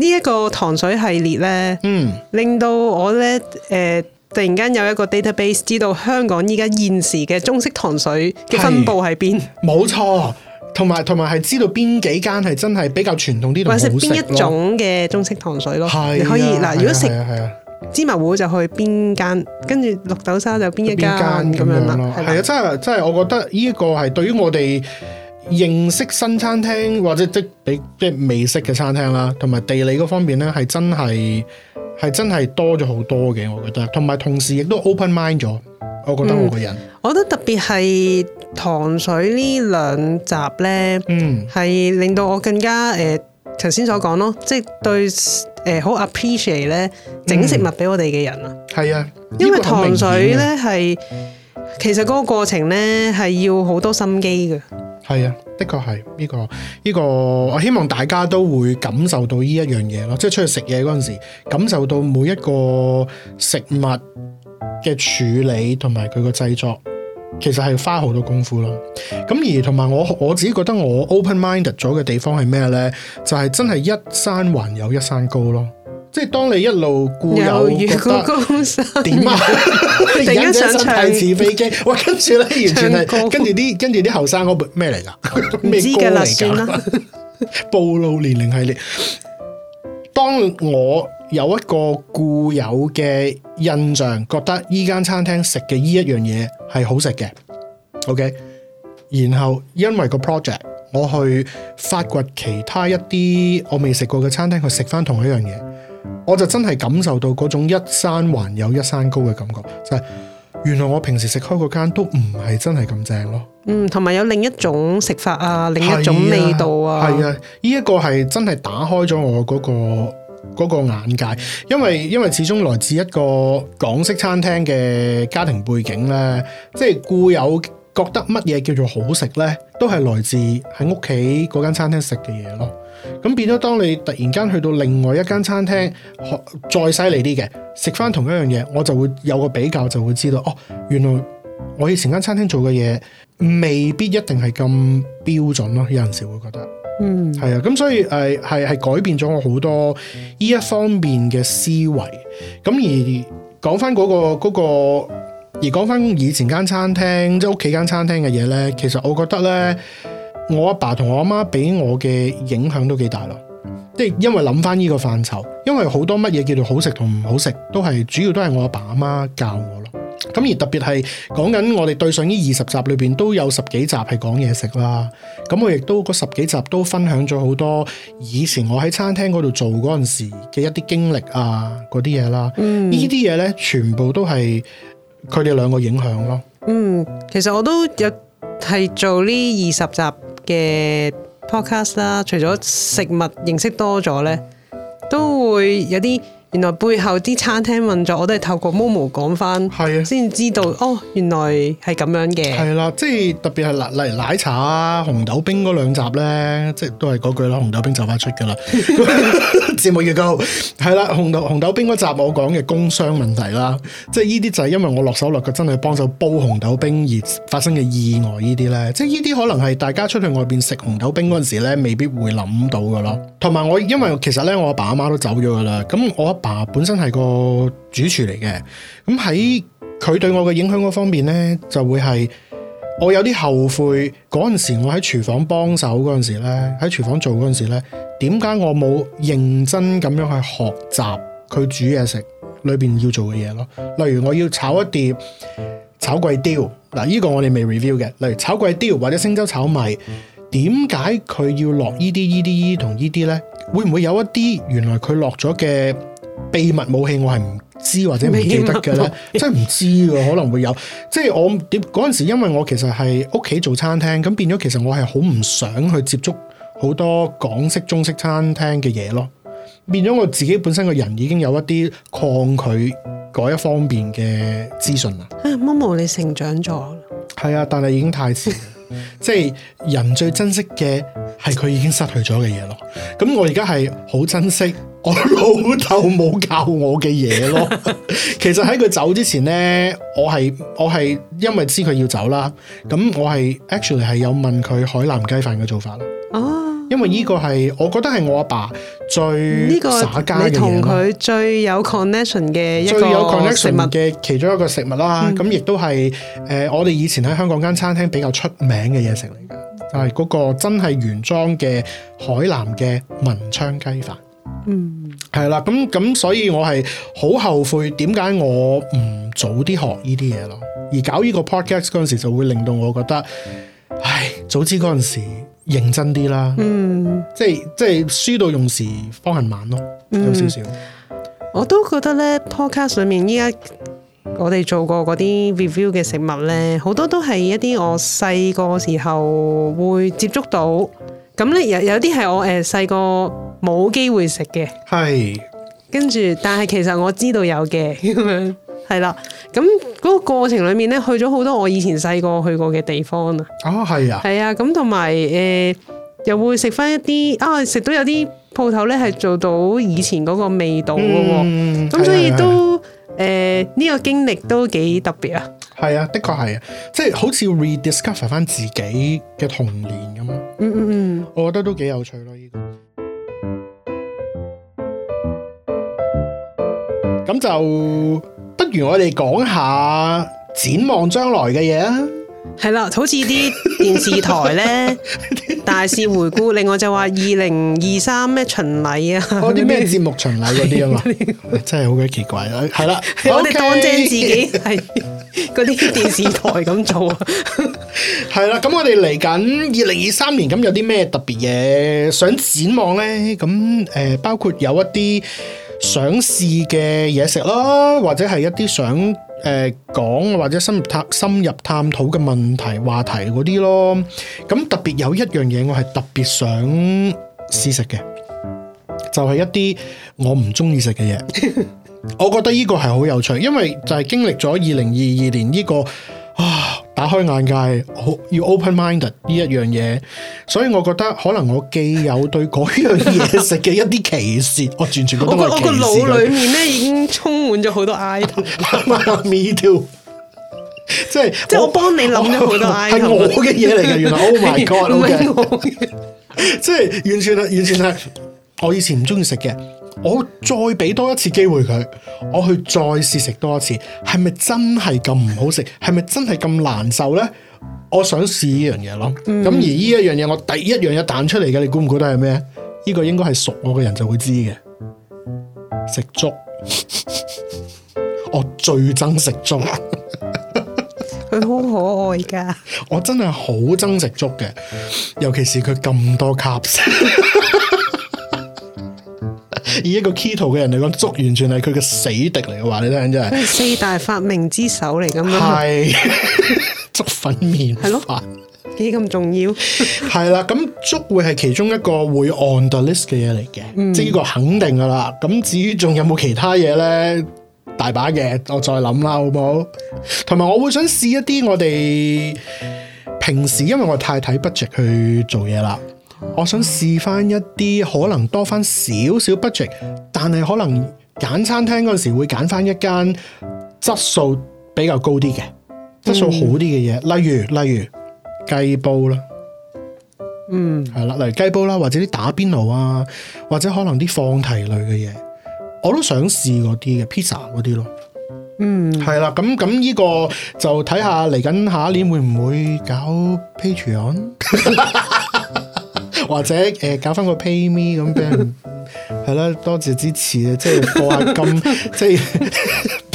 呢一個糖水系列咧，嗯、令到我咧誒、呃，突然間有一個 database 知道香港依家現時嘅中式糖水嘅分佈喺邊。冇錯，同埋同埋係知道邊幾間係真係比較傳統啲，或者邊一種嘅中式糖水咯。係、啊，你可以嗱、啊，如果食、啊啊啊啊、芝麻糊就去邊間，跟住綠豆沙就去一間就邊一間咁樣啦。係啊，真係真係，我覺得呢個係對於我哋。認識新餐廳或者即係即係未識嘅餐廳啦，同埋地理嗰方面咧，係真係係真係多咗好多嘅，我覺得。同埋同時亦都 open mind 咗，我覺得我個人、嗯，我覺得特別係糖水呢兩集咧，嗯，係令到我更加誒，頭、呃、先所講咯，即、就、係、是、對誒好、呃、appreciate 咧整食物俾我哋嘅人、嗯、啊，係啊，因為糖水咧係其實嗰個過程咧係要好多心機嘅。係啊，的確係呢個呢、呢個，我希望大家都會感受到呢一樣嘢咯，即係出去食嘢嗰陣時，感受到每一個食物嘅處理同埋佢個製作，其實係花好多功夫咯。咁而同埋我我自己覺得我 open minded 咗嘅地方係咩呢？就係、是、真係一山還有一山高咯。即係當你一路固有覺得點啊？突然間想唱紙 飛機，哇！跟住咧完全係歌跟住啲跟住啲後生嗰咩嚟噶？唔知嘅啦，先啦。了 暴露年齡系列。當我有一個固有嘅印象，覺得依間餐廳食嘅依一樣嘢係好食嘅。OK，然後因為個 project，我去發掘其他一啲我未食過嘅餐廳，去食翻同一樣嘢。我就真係感受到嗰種一山還有一山高嘅感覺，就係原來我平時食開嗰間都唔係真係咁正咯。嗯，同埋有另一種食法啊，另一種味道啊，係啊，呢一個係真係打開咗我嗰個嗰個眼界，因為因為始終來自一個港式餐廳嘅家庭背景咧，即係固有覺得乜嘢叫做好食咧，都係來自喺屋企嗰間餐廳食嘅嘢咯。咁變咗，當你突然間去到另外一間餐廳，學再犀利啲嘅，食翻同一樣嘢，我就會有個比較，就會知道哦，原來我以前間餐廳做嘅嘢未必一定係咁標準咯。有陣時會覺得，嗯，係啊。咁所以誒，係係改變咗我好多呢一方面嘅思維。咁而講翻嗰個嗰個，而講翻以前間餐廳，即係屋企間餐廳嘅嘢咧，其實我覺得咧。我阿爸同我阿媽俾我嘅影響都幾大咯，即係因為諗翻呢個範疇，因為好多乜嘢叫做好食同唔好食，都係主要都係我阿爸阿媽教我咯。咁而特別係講緊我哋對上呢二十集裏邊都有十幾集係講嘢食啦。咁我亦都嗰十幾集都分享咗好多以前我喺餐廳嗰度做嗰陣時嘅一啲經歷啊，嗰啲嘢啦。嗯，呢啲嘢呢，全部都係佢哋兩個影響咯。嗯，其實我都有係做呢二十集嘅 podcast 啦，除咗食物認識多咗咧，都會有啲。原來背後啲餐廳運作我都係透過 Momo 講翻，係啊的，先知道哦，原來係咁樣嘅。係啦，即係特別係例例如奶茶啊、紅豆冰嗰兩集咧，即係都係嗰句啦，紅豆冰就快出噶啦。節目預告。係啦，紅豆紅豆冰嗰集我講嘅工傷問題啦，即係呢啲就係因為我落手落腳真係幫手煲紅豆冰而發生嘅意外呢啲咧，即係呢啲可能係大家出去外邊食紅豆冰嗰陣時咧，未必會諗到噶咯。同埋我因為其實咧我阿爸阿媽都走咗噶啦，咁我。爸本身係個主廚嚟嘅，咁喺佢對我嘅影響嗰方面呢，就會係我有啲後悔嗰陣時，我喺廚房幫手嗰陣時咧，喺廚房做嗰陣時咧，點解我冇認真咁樣去學習佢煮嘢食裏邊要做嘅嘢咯？例如我要炒一碟炒貴刁。嗱，呢個我哋未 review 嘅，例如炒貴刁或者星洲炒米，點解佢要落依啲依啲同依啲呢？會唔會有一啲原來佢落咗嘅？秘密武器我係唔知或者唔記得嘅咧，真係唔知嘅可能會有，即係我點嗰陣時，因為我其實係屋企做餐廳，咁變咗其實我係好唔想去接觸好多港式中式餐廳嘅嘢咯，變咗我自己本身個人已經有一啲抗拒嗰一方面嘅資訊啦。啊，Momo 你成長咗，係啊，但係已經太遲。 即係人最珍惜嘅係佢已經失去咗嘅嘢咯，咁我而家係好珍惜我老豆冇教我嘅嘢咯。 其實喺佢走之前呢，我係我係因為知佢要走啦，咁我係 actually 係有問佢海南雞飯嘅做法。因為呢個係我覺得係我阿爸最呢個你同佢最有 connection 嘅，最有 connection 嘅其中一個食物啦。咁亦都係誒，我哋以前喺香港間餐廳比較出名嘅嘢食嚟㗎，就係嗰個真係原裝嘅海南嘅文昌雞飯。嗯。嗯，係啦，咁咁，所以我係好後悔，點解我唔早啲學呢啲嘢咯？而搞呢個 Podcast 嗰陣時，就會令到我覺得，唉，早知嗰陣時。認真啲啦，嗯，即係即係，書到用時方恨慢咯，有少少、嗯。我都覺得咧，Podcast 上面依家我哋做過嗰啲 review 嘅食物咧，好多都係一啲我細個時候會接觸到，咁咧有有啲係我誒細個冇機會食嘅，係是，跟住但係其實我知道有嘅咁樣，係 啦。咁嗰個過程裏面咧，去咗好多我以前細個去過嘅地方、哦、啊！啊，係啊，係啊，咁同埋誒，又會食翻一啲啊，食、哦、到有啲鋪頭咧係做到以前嗰個味道嘅、哦，咁、嗯、所以都誒呢、呃呢個經歷都幾特別啊！係啊，的確係啊，即、就、係、是、好似 rediscover 翻自己嘅童年咁咯。嗯嗯嗯，我覺得都幾有趣咯，呢、呢個咁就。不如我哋講下展望將來嘅嘢啊！係啦，好似啲電視台咧， 大肆回顧，另外就話二零二三咩巡禮啊，嗰啲咩節目巡禮嗰啲啊嘛， 真係好鬼奇怪啦！係啦， Okay 我哋當正自己係嗰啲電視台咁做啊！係 啦，咁我哋嚟緊二零二三年，咁有啲咩特別嘢，想展望咧？咁誒、呃，包括有一啲。想試嘅嘢食啦，或者係一啲想誒講、呃、或者深入探深入探討嘅問題話題嗰啲咯。咁特別有一樣嘢，我係特別想試食嘅，就係、係、一啲我唔中意食嘅嘢。 我覺得呢個係好有趣，因為就係經歷咗二零二二年呢、呢個。打開眼界，要 open minded 呢一樣嘢，所以我覺得可能我既有對嗰樣嘢食嘅一啲歧視，我完全,全覺得我個我個腦裏面咧已經充滿咗好多 idea。Me too. 即係即係我幫你諗咗好多 idea，係 我嘅嘢嚟嘅。原來。Oh my god！、Okay. 即係完全係，完全係我以前唔中意食嘅。我再俾多一次機會佢，我去再試食多一次，係咪真係咁唔好食？係咪真係咁難受呢？我想試呢樣嘢咯。咁、嗯、而呢一樣嘢，我第一樣嘢彈出嚟嘅，你估唔估得係咩？呢、這個應該係熟我嘅人就會知嘅。食粥， 我最憎食粥，佢 好可愛噶。 我真係好憎食粥嘅，尤其是佢咁多 caps。 以一個 Keto 嘅人嚟講，粥完全係佢嘅死敵嚟嘅話，你聽真係四大發明之首嚟噶嘛？係粥 粉麵係咯，幾咁重要？係 啦，咁粥會係其中一個會 on the list 嘅嘢嚟嘅，即係呢個肯定噶啦。咁至於仲有冇其他嘢咧？大把嘅，我再諗啦，好唔好？同埋我會想試一啲我哋平時，因為我太睇 budget 去做嘢啦。我想試翻一啲可能多翻少少 budget，但係可能揀餐廳嗰陣時會揀翻一間質素比較高啲嘅，質素好啲嘅嘢，例如例如雞煲啦，嗯，係啦，例如雞煲啦，或者啲打邊爐啊，或者可能啲放題類嘅嘢，我都想試嗰啲嘅 pizza 嗰啲咯，嗯，係啦，咁咁呢個就睇下嚟緊下，下一年會唔會搞 Patreon，嗯。 或者誒、呃、搞翻個 pay me 咁俾人係啦， 多謝支持啊，即係課下金 即係是。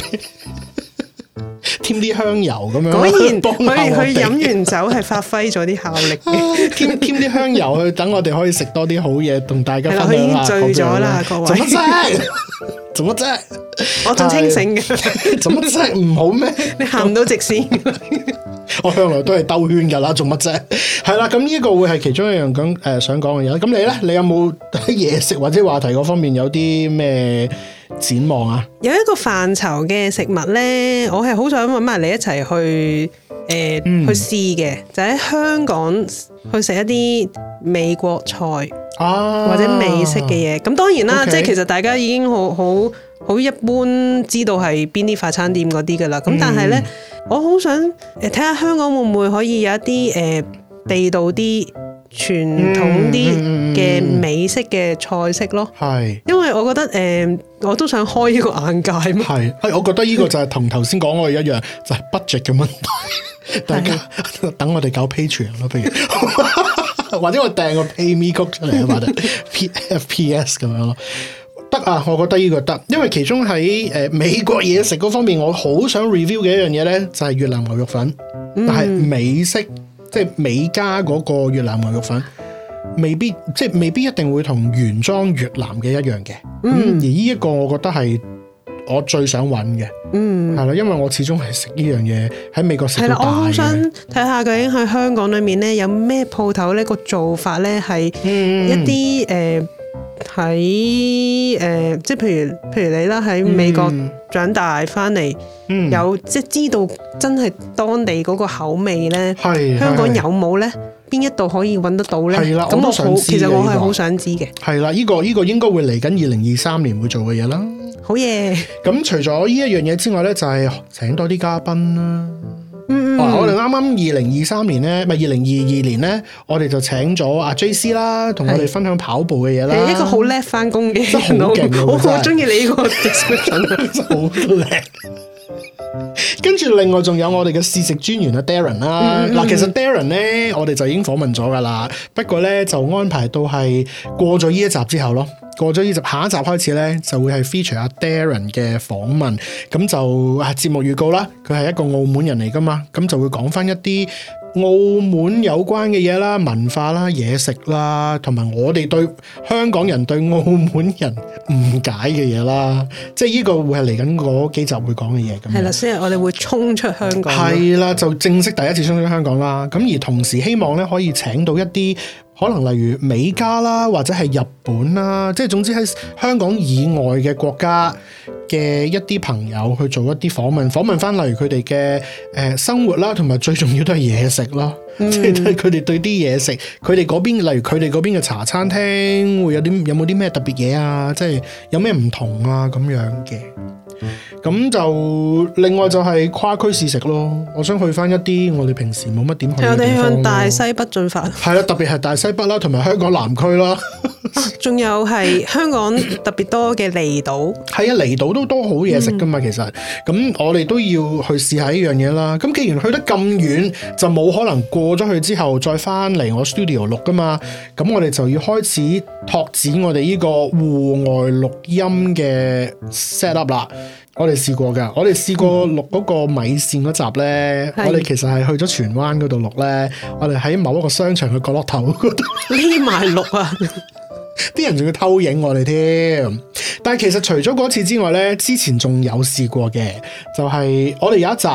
添啲香油咁樣，果然。可以去飲完酒係發揮咗啲效力添添啲香油去，等我哋可以食多啲好嘢，同大家分享下。我已經醉咗啦，各位。做乜啫？我仲清醒嘅。做乜啫？唔好咩？你行唔到直線。 我向來都係兜圈噶啦。做乜啫？係 啦。咁呢一個會係其中一樣咁誒想講嘅嘢。咁你咧？你有冇喺嘢食或者話題嗰方面有啲咩？展望啊！有一個範疇嘅食物咧，我係好想搵埋你一齊去誒、呃嗯、去試嘅，就喺、是、香港去食一啲美國菜啊，或者美式嘅嘢。咁當然啦，Okay. 即係其實大家已經好好好一般知道係邊啲快餐店嗰啲㗎喇。咁、嗯、但係咧，我好想誒睇下香港會唔會可以有一啲誒、呃、地道啲。傳統啲嘅美式嘅菜式咯，係是，因為我覺得誒、呃，我都想開呢個眼界嘛。係，係，我覺得呢個就係同頭先講我一樣，就係、是、budget 嘅問題。 大家是等我哋搞 patron 咯，譬如 或者我訂個 ami 曲出嚟啊，或者 pfps 咁樣咯，得啊，我覺得呢個得，因為其中喺誒美國嘢食嗰方面，我好想 review 嘅一樣嘢咧，就係、是、越南牛肉粉，嗯、但係美式，即係美加嗰個越南牛肉粉，未必即係未必一定會同原裝越南嘅一樣嘅。嗯，而呢一個我覺得係我最想揾嘅。嗯，係啦，因為我始終係食呢樣嘢喺美國食到大嘅。係啦，我好想睇下究竟喺香港裏面咧有咩鋪頭咧個做法咧係一啲誒。嗯嗯嗯嗯嗯嗯嗯喺誒、呃，即係譬如譬如你啦，喺美國長大翻嚟，嗯、有即係知道真係當地嗰個口味咧，香港有冇咧？邊一度可以揾得到咧？咁我好，想其實我係好想知嘅。係啦，呢個呢個應該會嚟緊二零二三年會做嘅嘢啦。好嘢！咁除咗呢一樣嘢之外咧，就係請多啲嘉賓啦。嗱、嗯哦，我哋啱啱二零二三年咧，咪二零二二年咧，我哋就請咗阿 JC 啦，同我哋分享跑步嘅嘢啦。你一個好叻翻工嘅，好我好中意你呢、這個好叻。跟住另外仲有我哋嘅試食專員阿 Darren 啦、嗯，嗱其實 Darren 咧，我哋就已經訪問咗噶啦，不過咧就安排到係過咗呢一集之後咯，過咗呢集下一集開始咧就會係 feature 阿 Darren 嘅訪問，咁就啊節目預告啦，佢係一個澳門人嚟噶嘛，咁就會講翻一啲。澳門有關嘅嘢啦，文化啦，嘢食啦，同埋我哋對香港人對澳門人誤解嘅嘢啦，嗯、即係呢個會係嚟緊嗰幾集會講嘅嘢咁。係啦、嗯，先係、嗯、我哋會衝出香港。係啦，就正式第一次衝出香港啦。咁、嗯、而同時希望咧可以請到一啲。可能例如美加啦，或者係日本啦，即係總之喺香港以外嘅國家嘅一啲朋友去做一啲訪問，訪問翻例如佢哋嘅誒生活啦，同埋最重要都係嘢食咯，嗯、即係佢哋對啲嘢食，佢哋嗰邊例如佢哋嗰邊嘅茶餐廳會有啲有冇啲咩特別嘢啊？即係有咩唔同啊？咁樣嘅。咁、嗯、就另外就係跨區試食咯，我想去翻一啲我哋平時冇乜點去嘅地方，我哋向大西北進發，係啦，特別係大西北啦，同埋香港南區啦。 仲、啊、有係香港特別多嘅離島，係 啊，離島都多好嘢食噶嘛，嗯、其實咁我哋都要去試下呢樣嘢啦。咁既然去得咁遠，就冇可能過咗去之後再翻嚟我 studio 錄噶嘛。咁我哋就要開始拓展我哋呢個戶外錄音嘅 set up 啦。我哋試過噶，我哋試過錄嗰個米線嗰集咧、嗯，我哋其實係去咗荃灣嗰度錄咧，我哋喺某一個商場嘅角落頭匿埋錄啊。 啲人仲要偷影我哋添，但係其實除咗嗰次之外咧，之前仲有試過嘅，就係、是、我哋有一集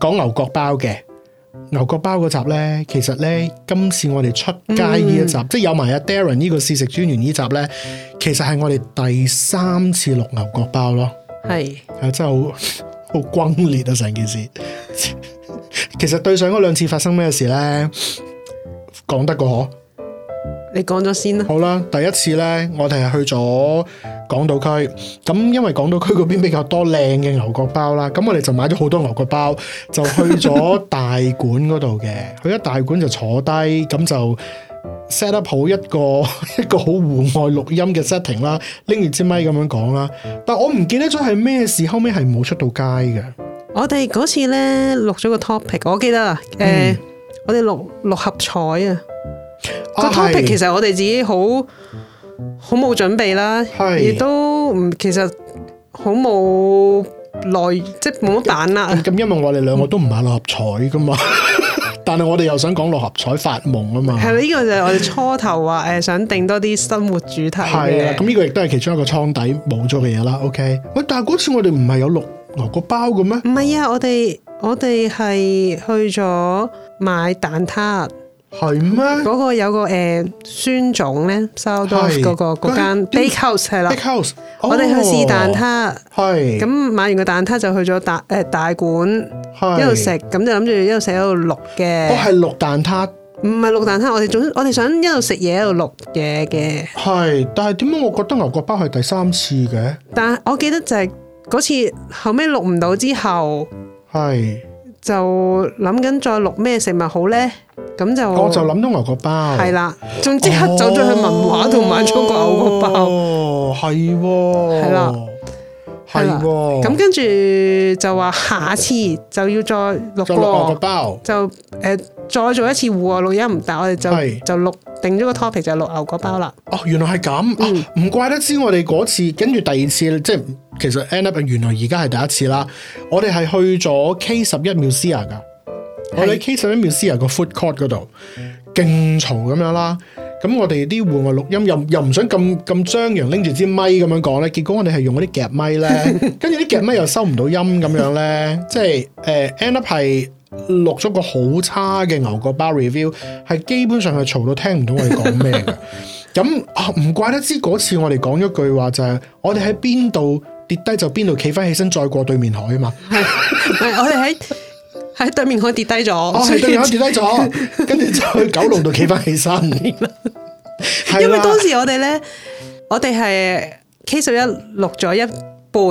講牛角包嘅牛角包嗰集咧，其實咧今次我哋出街呢一集，嗯、即係有埋阿 Darren 呢個試食專員呢集咧，其實係我哋第三次錄牛角包咯，係是啊真係好好轟烈啊成件事， 其實對上嗰兩次發生咩事咧，講得過嗬。你講咗先啦。好啦，第一次呢，我哋係去咗港島區，咁因為港島區嗰邊比較多靚嘅牛角包啦，咁我哋就買咗好多牛角包，就去咗大館嗰度嘅。 去咗大館就坐低，咁就 set up 好一個一個好戶外錄音嘅 setting 啦，拎住支咪咁樣講啦。但我唔記得咗係咩事，後尾係冇出到街嘅。我哋嗰次呢，錄咗個 topic，我記得，誒、呃，嗯、我哋錄六合彩啊。個 The topic，啊，其實我哋自己好好冇準備啦，亦是都唔其實好冇耐，即係冇蛋撻。咁、嗯、因為我哋兩個都唔買六合彩噶嘛， 但係我哋又想講六合彩發夢啊嘛。係咪呢個就係我哋初頭話誒 想定多啲生活主題嘅？係啊，咁呢個亦都係其中一個倉底冇咗嘅嘢啦。OK，喂，但係嗰次我哋唔係有六牛角包嘅咩？唔係啊，我哋我哋係去咗買蛋撻。係咩？嗰個有個誒，酸種咧收咗嗰個間 bake 是、那個、house 係啦。house，、oh，我哋去試蛋撻，係咁是買完個蛋撻就去咗大誒、呃、大館是，一路食，咁就諗住一路食一路錄嘅。我係錄蛋撻，唔係錄蛋撻。我哋總我哋想一路食嘢一路錄嘢嘅。係，但係點解我覺得牛角包係第三次嘅？但係我記得就係嗰次後尾錄唔到之後係。就諗緊再錄咩食物好咧？咁就我就諗到牛角包，係啦，仲即刻走咗去文華度買咗個牛角包，哦，係、哦，係啦了，係、哦，咁跟住就話下次就要再錄個錄牛角包，就誒、呃、再做一次戶外錄音，但係我哋就是就錄定咗個 topic 就錄、是、牛角包啦。哦，原來係咁，唔、嗯啊、怪得知我哋嗰次，跟住第二次即係。其實 end up 原來而家係第一次啦，我哋係去咗 K 十一 Musea 噶，我哋 K 十一 Musea 個 food court 嗰度勁嘈咁樣啦，咁我哋啲戶外錄音又又唔想咁咁張揚拎住支咪咁樣講咧，結果我哋係用嗰啲夾咪咧，跟住啲夾咪又收唔到音咁樣咧，即係誒 end up 係錄咗個好差嘅牛角包 review，係基本上係嘈到聽唔到我哋講咩嘅，咁啊唔怪得知嗰次我哋講咗句話就係我哋喺邊度。跌低就邊度企翻起身，再過對面海啊嘛是！係， 我哋喺喺對面海跌低咗，我喺、哦、以對面海跌低咗，跟住 就去九龍度企翻起身。 吧因為當時我哋咧，我哋係 K 十一錄咗一半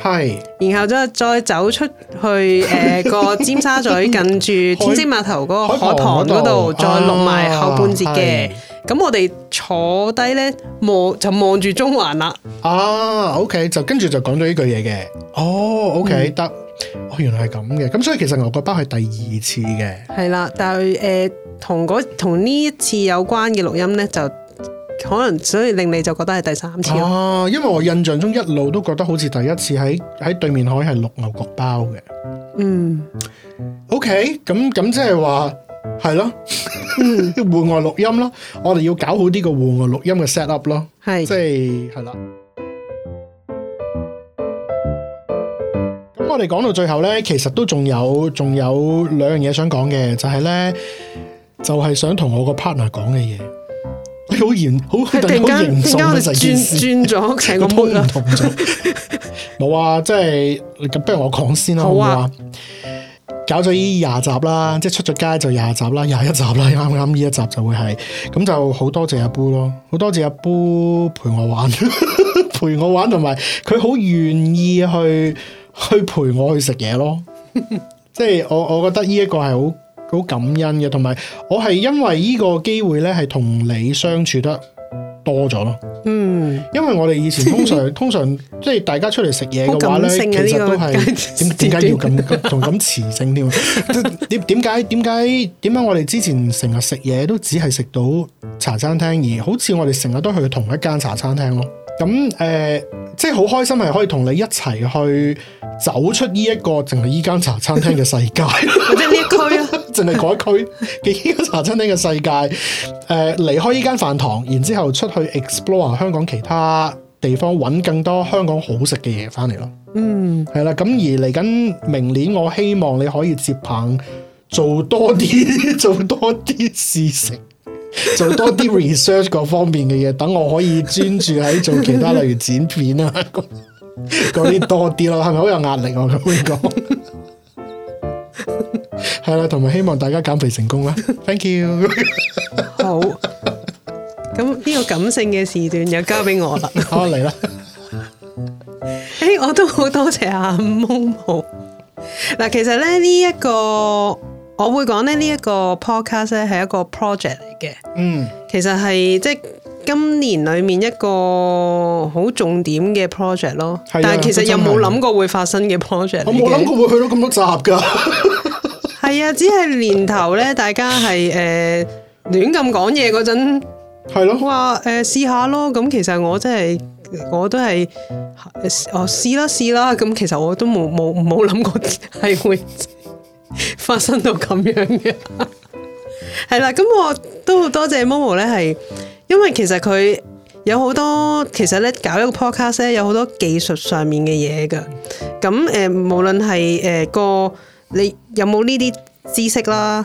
係，是然後再再走出去誒、呃、 個尖沙咀近住天星碼頭嗰個海旁嗰度，再錄埋後半截嘅。咁、啊、我哋坐低咧望就望住中環啦。啊，OK，就跟住就講咗呢句嘢嘅。哦，OK，得、嗯，哦，原來係咁嘅。咁所以其實牛角包係第二次嘅。係啦，但係誒同嗰同呢一次有關嘅錄音咧就。可能所以令你就覺得係第三次啊，因為我印象中一路都覺得好似第一次喺喺對面海係綠牛角包嘅。嗯，OK，咁咁即係話係咯，戶 外錄音咯，我哋要搞好呢個戶外錄音嘅 set up 咯，係即係係啦。咁我哋講到最後呢，其實都仲有仲有兩樣嘢想講嘅，就係呢，就係想同我個 partner 講嘅嘢。好嚴，突然間突然間我哋轉轉咗成個杯啦，冇啊！ 即係不如我講先啦，好啊！ 搞咗依廿集啦， 即係出咗街就廿集啦，廿一集啦，啱啱呢一集就會係咁就好多謝阿 Boo 咯，好多謝阿 Boo 陪我玩， 陪我玩同埋佢好願意去去陪我去食嘢咯，即係我我覺得呢一個係好。好感恩嘅，同埋我係因為呢個機會呢，係同你相處得多咗咯。嗯，因為我哋以前通常 通常即係大家出嚟食嘢嘅話呢，啊、其實都係點點解要咁仲咁磁性添？點點解點解點解我哋之前成日食嘢都只係食到茶餐廳，而好似我哋成日都去同一間茶餐廳咯。咁誒。呃即係好開心，係可以同你一齊去走出呢一個淨係呢間茶餐廳嘅世、， 啊、 世界，即係呢一區，淨係嗰一區嘅呢個茶餐廳嘅世界。誒，離開呢間飯堂，然之後出去 explore 香港其他地方，揾更多香港好食嘅嘢翻嚟咯。嗯，係啦。咁而嚟緊明年，我希望你可以接棒做多啲， 做多啲試食。做多啲 research 嗰方面嘅嘢，等我可以專注喺做其他，例如剪片啊，嗰啲 多啲咯。係咪好有壓力啊？咁樣講，係啦，同埋希望大家減肥成功啦。Thank you， 好。咁呢個感性嘅時段又交俾我啦。 好，嚟啦。誒，我都好多謝阿 Momo。嗱，其實咧呢一個。我會講咧呢、這個、一個 podcast 咧係一個 project 嚟嘅，嗯，其實係即係今年裏面一個好重點嘅 project 咯的。但係其實有冇諗過會發生嘅 project？我冇諗過會去到咁多集噶。係 啊，只係年頭咧，大家係誒亂咁講嘢嗰陣，係、呃、咯，話誒試下咯。咁的、呃、其實我真係我都係哦試啦試啦。咁其實我都冇冇冇諗過係會。 發生到咁樣嘅， 係啦，咁我都好多謝 Momo 咧，係因為其實佢有好多，其實咧搞一個 Podcast 咧有好多技術上面嘅嘢噶咁誒、呃，無論係誒個你有冇呢啲知識啦，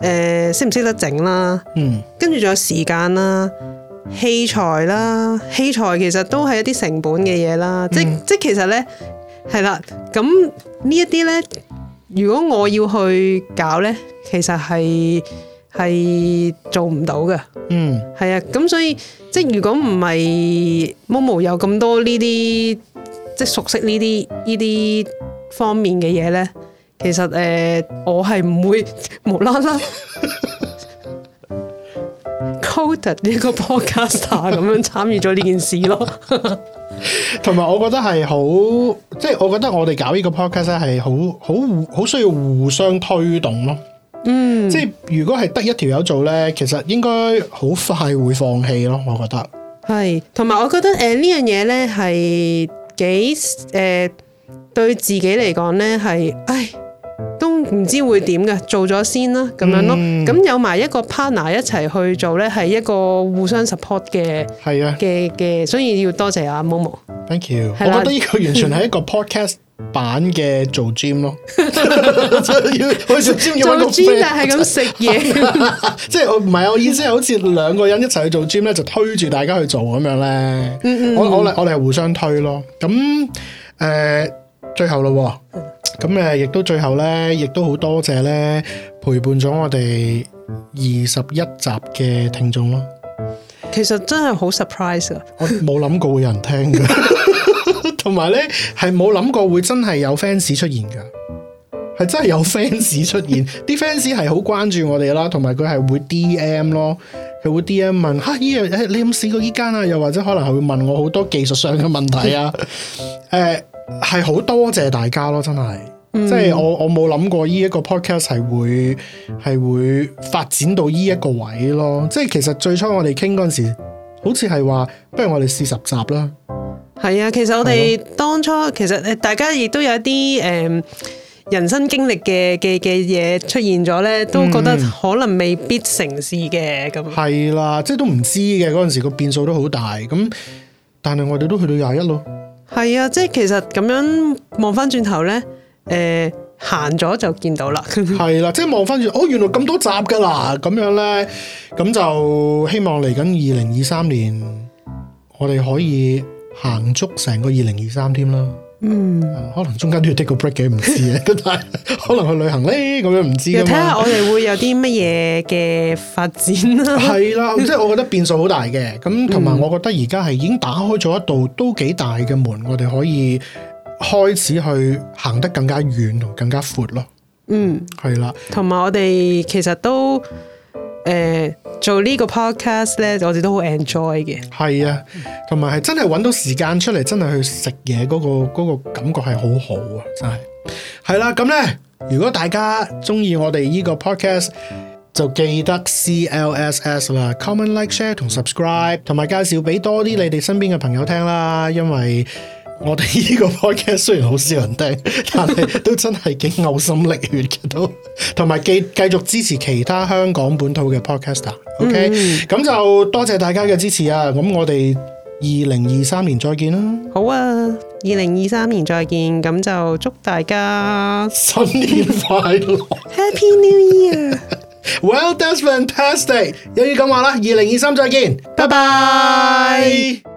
誒識唔識得整啦，嗯，跟住仲有時間啦、器材啦、器材其實都係一啲成本嘅嘢啦，嗯、即即其實咧係啦，咁呢一啲咧。如果我要去搞咧，其實係係做唔到嘅。嗯，係啊，咁所以即係如果唔係 Momo 有咁多呢啲即係熟悉呢啲呢啲方面嘅嘢咧，其實誒我係唔會無啦啦 code 呢個 podcast 咁樣參與咗呢件事咯。同埋， 我覺得係好，即係我覺得我哋搞呢個 Podcast 咧，係好好好需要互相推動咯。嗯，即係如果係得一條友做呢，其實應該好快會放棄咯。我覺得係，同埋我覺得誒、呃這個、呢樣嘢呢係幾誒、呃，對自己嚟講呢係唉。唔知會點嘅，做咗先啦，咁樣咯。咁、嗯、有埋一個 partner 一齊去做咧，係一個互相 support 嘅，係啊，嘅嘅，所以要多謝阿、啊、Momo。Thank you，、啊、我覺得呢個完全係一個 podcast 版嘅做 gym 咯，要去 做 gym 但係咁食嘢。 即係我唔係我意思係，好似兩個人一齊去做 gym 咧，就推住大家去做咁樣咧、嗯嗯。我我我哋係互相推咯，咯。咁誒，最後咯。 咁誒，亦、嗯、都最後咧，亦都好多謝咧，陪伴咗我哋二十一集嘅聽眾咯。其實真係好 surprise 啊，我冇諗過會有人聽噶，同埋咧係冇諗過會真係有 fans 出現噶，係真係有 fans 出現，啲 fans 係好關注我哋啦，同埋佢係會 DM 咯，佢會 DM 問吓呢樣誒，你有冇試過呢間啊？又或者可能係會問我好多技術上嘅問題啊。誒。 係好多謝大家咯，真係，嗯、即係我我冇諗過呢一個 podcast 係會係會發展到呢一個位咯，即係其實最初我哋傾嗰陣時，好似係話不如我哋試十集啦。係啊，其實我哋當初咯其實誒，大家亦都有一啲誒、呃、人生經歷嘅嘅嘅嘢出現咗咧，都覺得可能未必成事嘅咁。係啦、嗯樣啊，即係都唔知嘅嗰陣時個變數都好大咁，但係我哋都去到廿一咯。係啊，即係其實咁樣望翻轉頭咧，誒，行咗就見到啦。係啦，即係望翻轉，哦原來咁多集噶啦，咁樣咧，咁就希望嚟緊二零二三年，我哋可以行足成個二零二三添啦。嗯，可能中間都要 take 個 break 嘅，唔知啊。但係可能去旅行咧，咁樣唔知。要睇下我哋會有啲乜嘢嘅發展啦。係 啦，即係我覺得變數好大嘅。咁同埋，我覺得而家係已經打開咗一道都幾大嘅門，我哋可以開始去行得更加遠同更加闊咯。嗯，係啦的，同埋我哋其實都。誒、呃，做個呢個 podcast 咧，我哋都好 enjoy 嘅。係啊，同埋係真係搵到時間出嚟，那個，真係去食嘢嗰個個感覺係好好啊！真係係啦，咁，啊，呢，如果大家中意我哋呢個 podcast，就記得 CLS 啦，comment、like、share 同 subscribe，同埋介紹俾多啲你哋身邊嘅朋友聽啦，因為。我哋呢個 podcast 雖然好少人聽，但係都真係幾嘔心瀝血嘅都，同埋繼繼續支持其他香港本土嘅 podcast、嗯嗯、OK，咁、嗯、就多謝大家嘅支持啊！咁我哋二零二三年再見啦。好啊，二零二三年再見，咁就祝大家新年快樂 ，Happy New Year well, s。 Well, that's fantastic！有啲咁話啦，二零二三再見，拜拜。